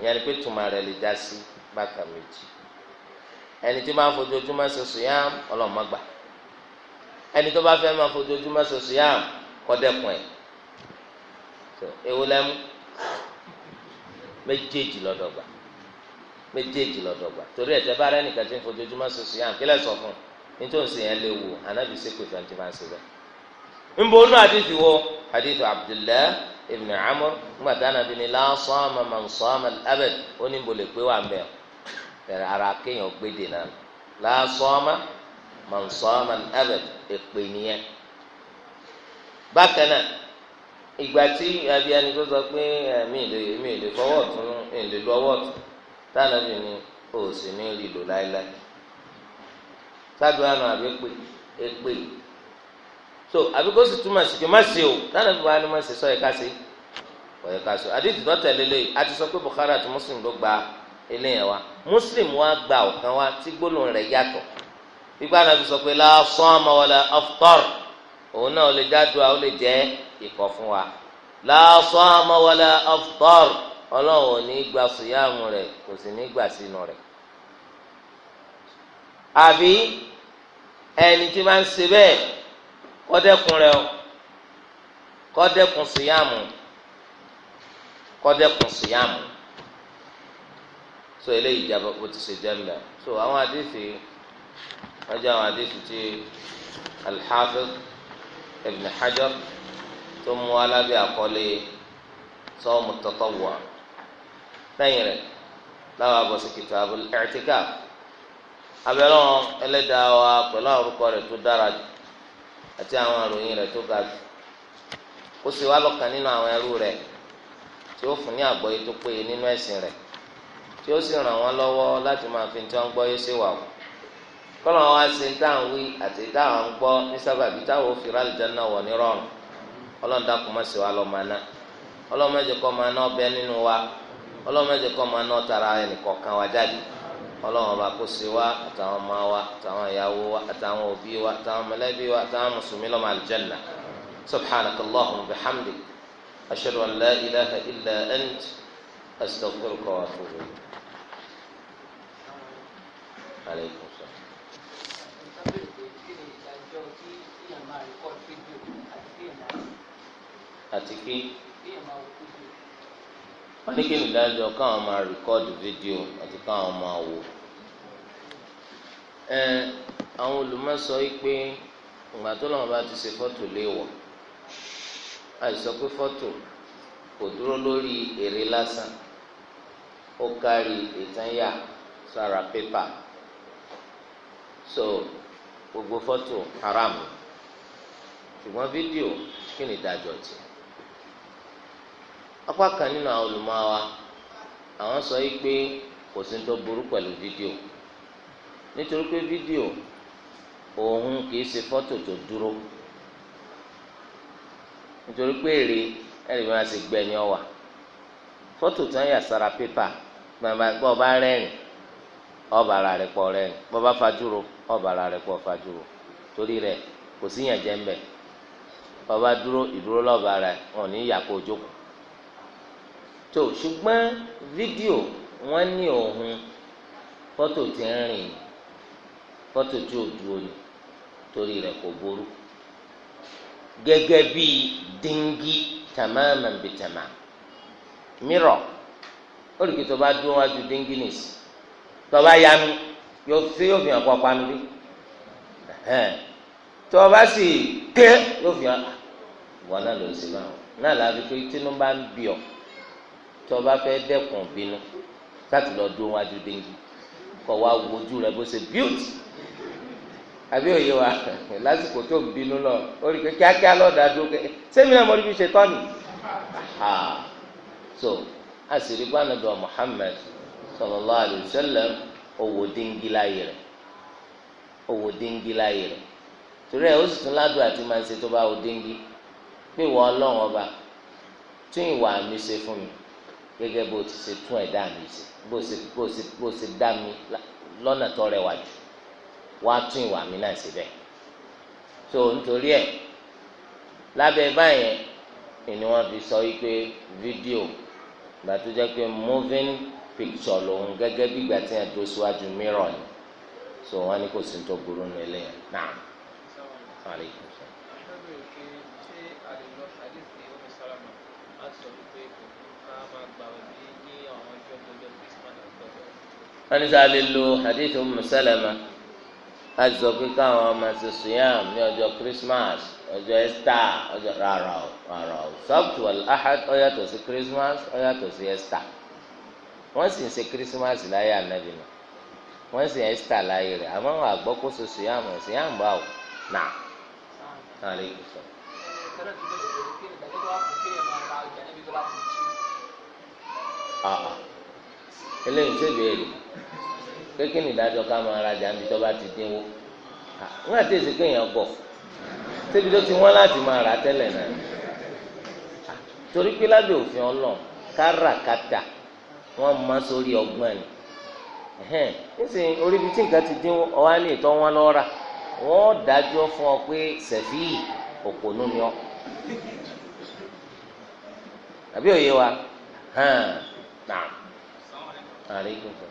ìyẹn ni pé tùmọ̀ rẹ̀ lè já sí bákan méjì ẹni tí máa ń fojoojúmọ́ ṣe sùyàm ọlọ́mọ gbà ẹni tó bá fẹ́ máa fojoojúmọ́ ṣe sùyàm kọ́dẹ̀kùn ẹ̀ tó ewu lẹ́mú méjèèjì lọ́dọ̀gbà méjèèjì lọ́dọ̀gbà torí ẹ̀ tẹ́ bá rẹ́ nìkan tí ń fojoojúmọ́ ṣe sùyàm kí sọ fún un nítòsí yẹn léwu anábì sèkò ìfẹ̀ǹtì máa ń ṣe bẹ́ẹ̀. ń bo inú àdìsí wo àdìsí Abdullah ibn amr ngbàtà nàbí ni la sama man sama al-abad ó ní bolè pé wà mbẹ ara kéèyàn gbédè náà la sama man sama al-abad èpè bákan náà ìgbà tí àbí ẹni tó sọ pé eh, mi ì mi tún o sì ní láéláé so àbí kó sì túmọ̀ sí pé má ṣe o táwọn ẹbí wa ni má ṣe sọ yẹ ká ṣe kò yẹ ká ṣe àdéhùn tó tẹ̀lé lẹ́yìn a ti sọ pé Bukhari àti Muslim ló gba eléyẹn wa Muslim wa gba ọ̀kan wa tí gbólóhùn rẹ̀ yàtọ̀ gbígbá náà fi sọ pé la sama aftar òun náà ó lè jáde ó lè jẹ́ ìkọ̀ fún wa la sama aftar ọlọ́run ò ní gba sùyàmù rẹ̀ kò sì ní gbà sínú rẹ̀ àbí ẹni tí máa ń ṣe bẹ́ẹ̀ kọ́dẹ́kun rẹ o kọ́dẹ́kun síyàmù kọ́dẹ́kun síyàmù so eléyìí jábọ̀ bó ti ṣe jẹ́ mbẹ́ so àwọn àdìsí wọ́n jẹ́ àwọn àdìsí tí al-Hafiz Ibn Hajar tó mú alábẹ́ àkọlé sọ́ọ̀mù tatawwu lẹ́yìn rẹ̀ láwọn abọ́sí kitabul i'tikaf abẹ́rẹ́ ẹlẹ́dàá wa pẹ̀lú àwọn orúkọ rẹ̀ tó dára jù. àti àwọn àròyìn rẹ̀ tó ga jù kó sì wá lọ́kàn nínú àwọn ẹrú rẹ̀ tí ó fún ní àgbọ́yé tó péye nínú ẹ̀sìn tí ó sì ràn wọ́n lọ́wọ́ láti máa fi tí wọ́n gbọ́ yé síwà kọ́nà wa ṣe ń wí àti dáhùn ń gbọ́ ní sábàbí táwọn òfin rálì jẹ́nà wọ̀ ní rọrùn ọlọ́run dákun má ṣe máa ná kọ́ máa ná ọbẹ̀ ọlọ́run ọba kó ṣe wá àtàwọn ọmọ wa àtàwọn ìyàwó wa àtàwọn òbí wa àtàwọn mọ̀lẹ́bí wa àtàwọn mùsùlùmí lọ́mọ àlùjẹ́nà subhanaka allahumma wa bihamdik ashhadu an ilaha illa ant astaghfiruka wa atubu àti kí wọ́n ní kí nìdájọ́ káwọn máa rìkọ́dù fídíò àti káwọn máa wò. ẹ àwọn olùmọ̀sọ yìí pé ìgbà tó lọ́wọ́ bá ti ṣe fọ́tò léèwọ̀ àìsọ pé fọ́tò kò dúró lórí èrè lásán ó kárí ìtànyà sára pépà so gbogbo fọ́tò haram ṣùgbọ́n fídíò kí ni ìdájọ́ tiẹ̀. apá kan nínú àwọn olùmọ̀wá àwọn sọ yìí pé kò sí tó burú pẹ̀lú fídíò nítorí pé fídíò òun kì í ṣe fọ́tò tó dúró nítorí pé èrè ẹ̀rì máa ṣe ní ọ̀wà fọ́tò tó yà sára pépà gbàgbà gbọ́ ọba rẹ́rìn ọba ara pọ̀ rẹ́rìn bọ́ba fajúro ọba ara pọ̀ fajúro torí kò sí yànjẹ́ ń bẹ̀ bọ́ba tó ṣùgbọ́n fídíò wọn ní òun fọ́tò tí ń rìn fọ́tò tí ò dúró ni torí rẹ̀ kò burú gẹ́gẹ́ bí tama olùkí tó bá dúró wájú díngí nìsí tó bá yanu yóò fi yóò fi hàn kó panu bí tó bá sì ké yóò fi hàn ah, wọn náà ló ń báwọn náà láti pé tinubu bá ọ. tó bá fẹ́ dẹ́kun bínú láti lọ dúró wájú dengi kọ wá wojú rẹ bó ṣe bíútì àbí òye wa [laughs] lásìkò tó ń bínú lọ ó rí i pé kíákíá lọ́ọ̀dà dúró kẹ sẹ́mi náà mo rí bí ṣe tọ́ni so àṣírí gbànàbọ̀ Muhammad sallallahu alaihi wasallam owó dengi láyé rẹ owó dengi láyé rẹ torí ẹ ó sì tún ládùn àti máa ń ṣe tó bá wo dengi pé ìwọ Ọlọ́run ọba tún ìwà mi ṣe fún mi gẹ́gẹ́ bó ti ṣe tún ẹ̀dá mi ṣe bó ṣe bó ṣe bó ṣe dá mi lọ́nà tó rẹwà jù wá tún ìwà mi náà ṣe bẹ́ẹ̀ so nítorí ẹ̀ lábẹ́ báyẹn ni wọ́n fi sọ wípé fídíò ìgbà tó jẹ́ pé moving picture lòun gẹ́gẹ́ bí ìgbà tí yẹn tó síwájú mirror ni so wọ́n ní kò sí ní tó burú nílé yẹn náà. wọ́n ní sáà lè lo hadith Umm Salama láti sọ pé káwọn ọmọ ti sùnyàm ní ọjọ́ Christmas ọjọ́ Easter ọjọ́ rárá o rárá o Sabtu wal Ahad ó yàtọ̀ sí Christmas ó yàtọ̀ sí Easter wọ́n sì ń ṣe Christmas láyé ànábì náà wọ́n sì ń Easter láyé rẹ̀ àmọ́ àwọn àgbọ̀ kó so sùnyàm sùnyàm bá o nà á lè sọ. eléyìí ń ṣèbéèrè kékeré nìdájọ́ ká máa rajà níbi tó bá ti dínwó wọn àti èsì kéèyàn bọ̀ síbi tó ti wọ́n láti máa rà tẹ́lẹ̀ náà torí pé lábẹ́ òfin ọlọ́run káràkátà wọ́n máa sórí ọgbọ́n ni nísìnyí orí ibi tí nǹkan ti dín ọwá ní ìtọ́ wọn lọ́ rà wọ́n dájọ́ fún ọ pé sẹ̀fíì òpònú ni ọ́ àbí òye wa hàn náà àríkùn fún.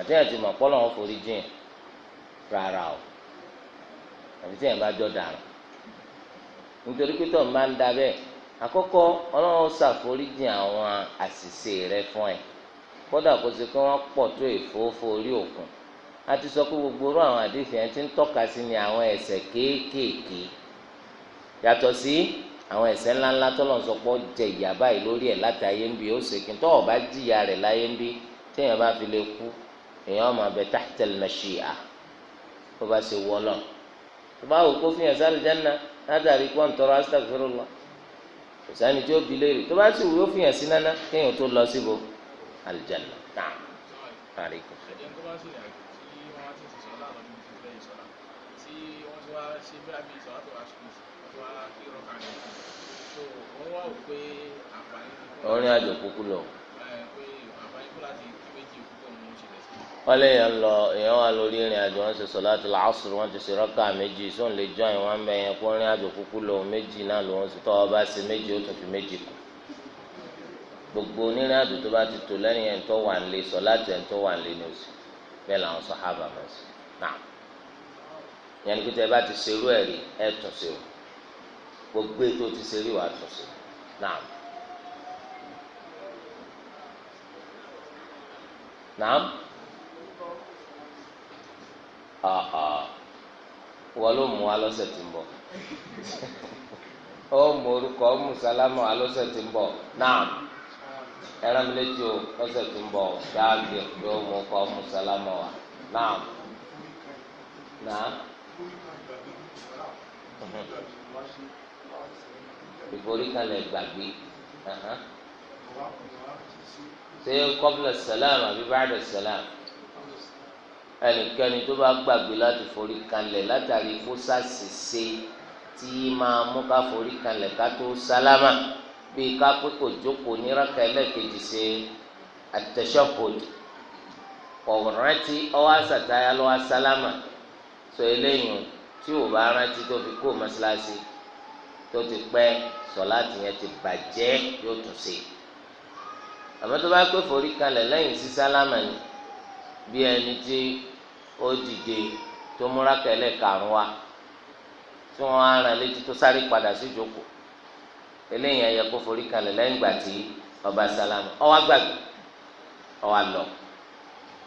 àti àti mọ̀ pọ́ lọ́wọ́ forí jìn rárá o àbí tí yẹn bá jọ dàrú nítorí pé tó ń bá ń da bẹ́ẹ̀ àkọ́kọ́ ọlọ́run ṣàforíjìn àwọn àṣìṣe rẹ fún ẹ kódà kó ṣe kí wọ́n pọ̀ tó ìfowófó orí òkun a ti sọ pé gbogbo orú àwọn àdéhùn yẹn ti ń tọ́ka sí ni àwọn ẹ̀ṣẹ̀ kéékèèké yàtọ̀ sí àwọn ẹ̀ṣẹ̀ ńláńlá tọ́lọ̀ jẹ ìyà báyìí lórí ẹ̀ látàyé ń bí ó ṣèkí tó ọ̀bá jìyà rẹ̀ láyé ń bí téèyàn bá fi lè kú èèyàn máa bẹ tahtal mashi'a bó bá ṣe wọ́ lọ tó bá wò kó fi hàn sáré jẹ́nà látàrí kó ń tọrọ astaghfirullah kò sani tí ó bi léèrè tó bá sì wù ó fi hàn sí nánà kéèyàn tó lọ síbo aljanna náà àríkùn. wá ṣe orin àjò kúkú lọ. wọ́n lé yẹn lọ èèyàn wà lórí ìrìn àjò wọn ṣe sọ̀láàtì làásùr wọn ti ṣe rọ́kà méjì sóun lè jọ ìwọ̀n bẹ́ẹ̀ yẹn kó rìn àjò kúkú lòun méjì náà lòun sì tọ́ ọ bá ṣe méjì ó tún fi méjì kù gbogbo onírìn àjò tó bá ti tò lẹ́yìn ẹ̀ ń wà lé sọ̀láàtì ẹ̀ ń tọ́ wà lé ní oṣù bẹ́ẹ̀ làwọn sàhábà mọ̀ sí náà yẹn ni pété bá ti ṣerú ẹ̀ rí ẹ̀ tún ṣe o gbogbo ètò ti ṣe rí wàá tún ṣe náà náà wọ́n ló mú wa lọ́sẹ̀ tí ń bọ̀ ó mú orúkọ mùsàlámù wa lọ́sẹ̀ tí ń bọ̀ náà ẹran mi létí o lọ́sẹ̀ tí ń bọ̀ dáàbì ló mú orúkọ mùsàlámù wa náà náà ìforíkalẹ̀ gbàgbé ṣé kọ́bùlà sàlám àbí bàdà sàlám ẹnikẹ́ni tó bá gbàgbé láti forí kanlẹ̀ látàrí kó ṣàṣìṣe tí máa mú ká forí kanlẹ̀ ká tó sálámà bíi ká pé kò jókòó ní rákà ẹlẹ́kejì ṣe at-tashahhud ọ̀rántí ọwọ́ àṣàtayá lọ́wọ́ sálámà sọ eléyìí tí ò bá rántí tó fi kó mọ́ṣáláṣí tó ti pẹ́ sọ̀láàtì yẹn ti bàjẹ́ yóò tún ṣe àmọ́ tó bá pé forí kanlẹ̀ lẹ́yìn sí sálámà ni bí ẹni tí ó dìde tó múra kẹlẹ karùn wa tí wọn á rán létí tó sáré padà sí eléyìí kó forí ìgbà tí ọba sálámù ó wá gbàgbé ó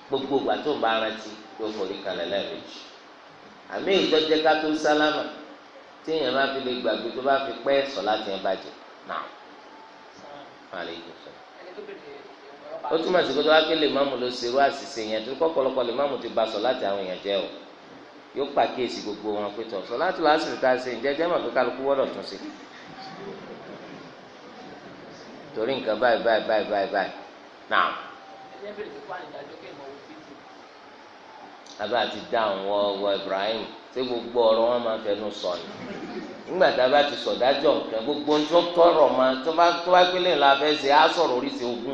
gbogbo ìgbà tó ń bá rántí yóò forí kalẹ̀ lẹ́ẹ̀mejì àmì ìtọ́jẹ́ ká tó sálámà tí èèyàn fi sọ láti náà. ó túmọ̀ sí kótó wákè lè máàmù ló ṣerú àṣìṣe yẹn tó kọ́kọ́lọ́kọ́ lè máàmù ti ba sọ láti àwọn èèyàn jẹ́ o yóò pàkíyèsí gbogbo wọn pé tọ̀ sọ láti wàá sì ta ṣe ǹjẹ́ jẹ́mọ̀ pé kálukú wọ́dọ̀ tún ṣe torí nǹkan báyìí báyìí báyìí báyìí báyìí ti dáhùn wọ wọ Ibrahim ṣé gbogbo ọ̀rọ̀ wọn máa fẹnu sọ ni nígbà tá ti nǹkan gbogbo tó tọrọ máa tó bá tó bá fẹ́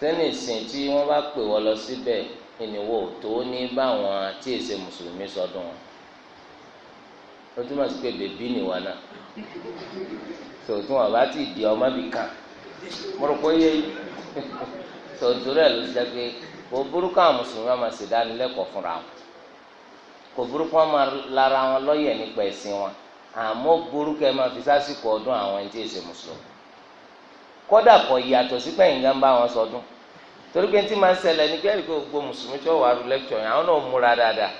sẹ́ni ìsìn tí wọ́n bá pè wọ́n lọ síbẹ̀ ìníwó tó ní báwọn tí èsè mùsùlùmí sọdún wọn ó túmọ̀ sí pé bèbí nìwọ náà tòótún ọba ti di ọmọ bì kan mo rò pé yé tòótún [laughs] rẹ̀ ló ti jẹ́ pé kò burúkú àwọn mùsùlùmí ọmọ ṣèdánilẹ́kọ̀ọ́ fúnra wọn kò burúkú wọn máa lára wọn lọ́yẹ̀ nípa ẹ̀sìn wọn àmọ́ burúkú ẹ máa fi sásìkò ọdún àwọn tí èsè mùsùlùmí kódà kò yàtọ̀ sí pẹ̀yìn gan bá wọn sọdún torí pé tí máa ń ṣẹlẹ̀ ní kẹ́rì kó gbogbo mùsùlùmí tí wọ́n wà á ru lẹ́kítọ̀ yẹn àwọn náà múra dáadáa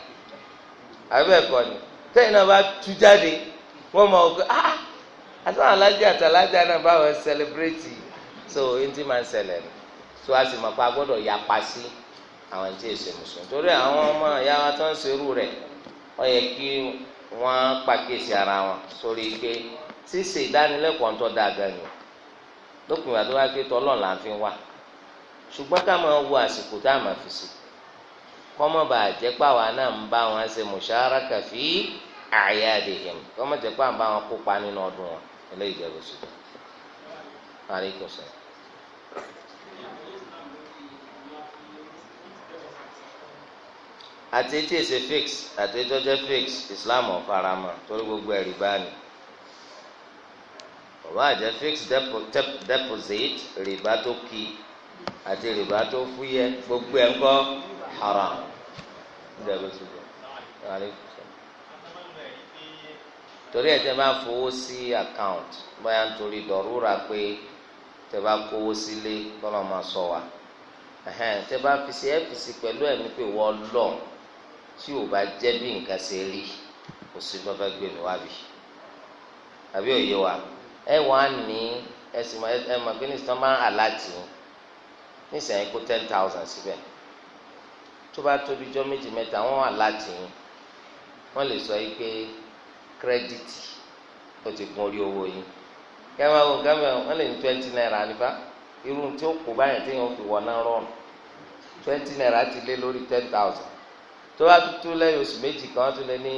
àbẹ́ẹ̀kọ́ ni tẹ́yìn náà bá tú jáde wọ́n mọ̀ ọ́ pé ah àtàwọn alájà àtàlájà náà bá wọn sẹlẹbírẹ́tì so eyín tí máa ń ṣẹlẹ̀ ni so a sì mọ̀ pé a gbọ́dọ̀ yapa sí àwọn tí èsè mùsùlùmí torí àwọn ọmọ ìyá wa tó ń serú rẹ̀ ó yẹ kí wọ́n pàkíyèsí ara lópin ìgbà tó bá là ń fi wá ká máa wo àsìkò tá a máa fi sí kọ́mọ̀bà àjẹpáwa náà ń bá wọn ṣe musharaka fi a'yadihim kọ́mọ̀jẹpá ń bá wọn kópa nínú ọdún wọn eléyìí Islam torí gbogbo ẹ̀rí bàbá àjẹ fix deposit rìbá tó kí àti rìbá tó fúyẹ́ gbogbo ẹ̀ ń kọ́ haram. torí ẹ̀ tẹ́ bá fowó sí account bóyá nítorí dọ̀rúra pé tẹ́ bá kówó sílé bọ́lá máa sọ wa tẹ́ bá fi sí ẹ́fìsì pẹ̀lú ẹ̀mí pé wọ́n lọ tí ò bá jẹ́ bí nǹkan ṣe rí kò sí bá gbé mi àbí òye wa ẹ wà ní ẹsìn ẹ mọ̀ pé nìsí tán máa ń aláàtì yín nìsín ẹ̀kọ́ ten thousand síbẹ̀ tó bá tóbi jọ méjì mẹ́ta wọ́n aláàtì yín wọ́n lè sọ yìí pé kírẹ́dìtì ó ti gun orí owó yín kẹ́mẹ́ wo kẹ́mẹ́ wọ́n lè ní twenty naira nípa irú tí ó kó báyìí tí yóò fi wọ̀ náà rọrùn twenty naira ti lé lórí ten thousand tó bá tó lẹ́yìn oṣù méjì kan tó lé ní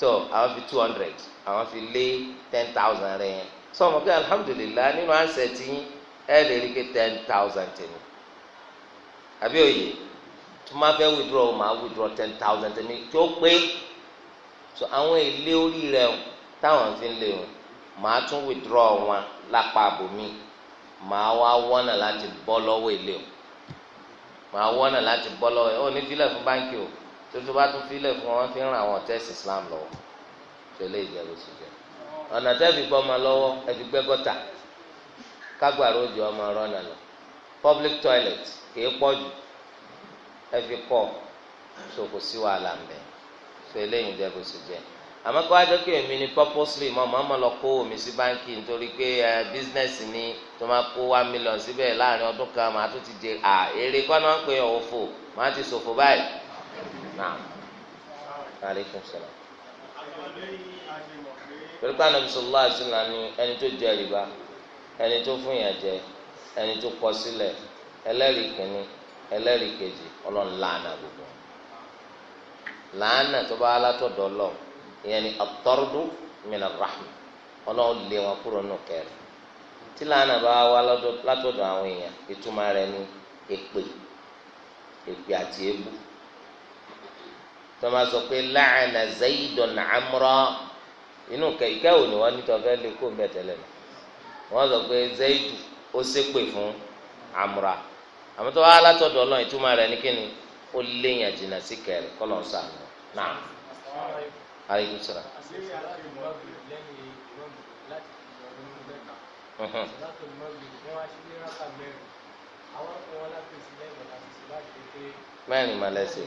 tó àwọn fi two hundred àwọn fi lé ten thousand rẹ̀ yẹn sọmọ kí alhamdulilayi nínú ànsẹ tí ẹ lè rí i pé ten thousand tẹ̀lé àbí òye tó máa fẹ́ withdraw máa withdraw ten thousand tẹ̀lé tí ó pé so àwọn èlé orí rẹ táwọn fi ń lè wọn màá tún withdraw wọn lápá àbòmí màá wá wọ́nà láti bọ́ lọ́wọ́ èlé o màá wọ́nà láti bọ́ lọ́wọ́ ẹ̀ ò ní filẹ̀ fún báńkì o tó tó bá tún filẹ̀ fún wọn fi ń ràn àwọn ọ̀tẹ́sì Islam lọ́wọ́ tó lè jẹ́ bó ṣe jẹ́. ọ̀nà tẹ́ẹ̀fì gbọ́ ọmọ lọ́wọ́ ẹ̀fì gbẹ́ gọ́tà ọmọ rọ́nà lọ public toilet kìí pọ̀ jù ẹ̀fì kọ́ so kò sí wàhálà ń bẹ̀ so eléyìí jẹ́ bó ṣe jẹ́ àmọ́ kó wájú èmi purposely lọ kó omi sí báńkì nítorí pé ẹ ni tó máa kó one million síbẹ̀ láàrin pẹ̀lú pé anabi sallallahu alaihi wasallam ni ẹni tó jẹ rìbá ẹni tó fún yàn jẹ ẹni tó kọ sílẹ̀ ẹlẹ́rìí kìíní ẹlẹ́rìí kejì ọlọ́run lánàá gbogbo lánàá tó bá alátọ̀dọ̀ ọlọ́run ìyẹn ni at-tardu min ar lé wọn kúrò nù kẹrì tí lánàá bá wá látọ̀dọ̀ àwọn èèyàn ìtumọ̀ rẹ̀ ni èpè èpè àti èébú tó sọ pé la'ana Zaydun Amra. inú kẹ̀kẹ́ òní wọn ní tọ́fẹ́ lè kó mbẹ tẹ́lẹ̀ nù wọn sọ pé zayidu ó ṣépè fún amúra àmọ́ tó wá látọ̀dọ̀ ọlọ́run ìtumọ̀ rẹ̀ ní kíni ó léyìn àjìnà sí kẹrẹ kọ́ lọ́n sàn nù náà aleykum salaam. Mhm. mẹ́rin malẹ́sẹ̀.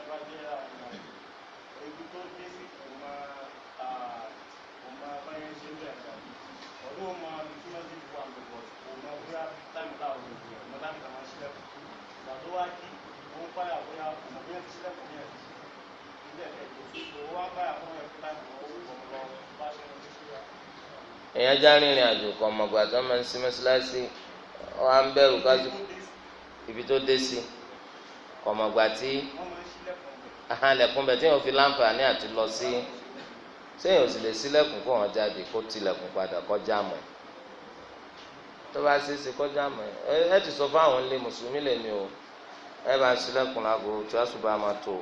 èèyàn já rìnrìn àjò kan ọmọgbà tó máa ń sí mọ́ṣáláṣí wà ń bẹ̀rù kájú ibi tó dé sí ọmọgbà tí ahànlẹ̀kùn bẹ̀ tí yóò fi láǹfààní àti lọ sí sẹ́yìn òsì lè sílẹ̀kùn kó wọn jáde kó tilẹ̀kùn padà kọjá mọ́ ẹ̀ tó bá ṣe é ṣe kọjá mọ́ ẹ̀ ẹ ti sọ fáwọn ilé mùsùlùmí lè ní o ẹ bá ń sílẹ̀kùn láago tí wọ́n sùn bá máa tó o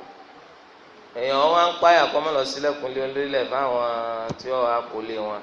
èèyàn wọn ń páyà kọ́ mọ́ lọ sílẹ̀kùn lé onílẹ̀ fáwọn tí wọ́n wá kó lé wọn.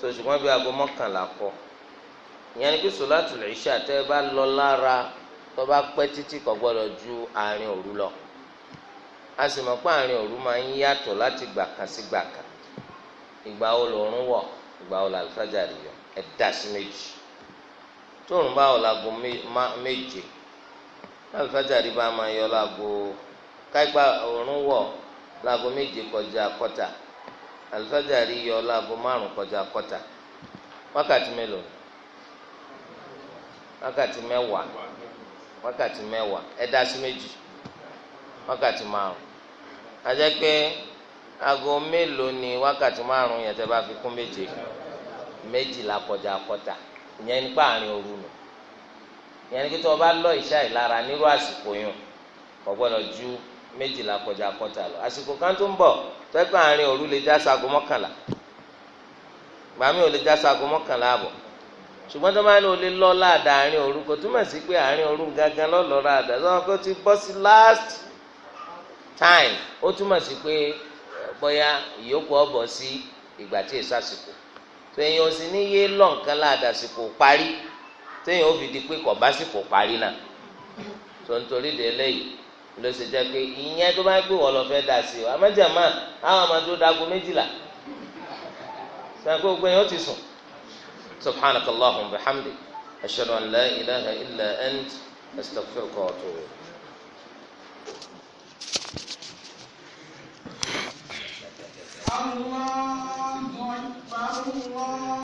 so ṣùgbọ́n bí aago mọ́kànlá kọ ìyẹn ni pé solatul isha tẹ́ ẹ bá lọ lára tó bá pẹ́ títí kò gbọ́dọ̀ ju àárín òru lọ a sì mọ̀ pé àárín òru máa ń yàtọ̀ láti gbà kan sí gbà kan ìgbà wo lòórùn wọ̀ ìgbà wo làlùfájà rí yọ sí méjì tóòrùn bá wọ láago méje làlùfájà rí bá máa yọ láago káìpá òórùn wọ̀ láago méje kọjá kọ́tà alifajari yọ láago márùn kọjá kọta wákàtí mélòó wákàtí mẹ́wàá wákàtí mẹ́wàá ẹ̀dá sí méjì wákàtí márùn àjẹ́ pé aago mélòó ni wákàtí márùn yẹn tẹ́ bá fi kún méje méjìlá kọjá kọta ìyẹn nípa àárín òru nù ìyẹn ní kí tí wọ́n bá lọ ìṣá ìlara nírú àsìkò yùn kò gbọ́dọ̀ ju méjìlá kọjá kọta lọ àsìkò kan tó ń bọ̀. tẹ́gbọ́n àárín òru lè já sago mọkànlá gbàmí ò lè já sago mọ́kànlá àbọ̀ ṣùgbọ́n tó máa ń lè lọ láàdá àárín òru kò túmọ̀ sí pé àárín òru gangan lọ́lọ́ láàdá ti bọ́ last time ó túmọ̀ sí pé eh, bóyá ìyókù ọ̀bọ̀ sí ìgbà tí èso àsìkò ò sì ní yé nǹkan láàdá àsìkò parí ó fi di pé bá àsìkò parí náà tó ń torí ló ṣe jẹ́ pé ìyẹn tó bá ń pè wọ́n lọ fẹ́ dà sí o àmọ́jàmá àwọn àmọ́ tó dago méjìlá sàn kó gbẹ̀yìn ó ti sùn subhanaka allahumma bihamdi ashhadu an la ilaha illa ant astaghfiruka wa atubu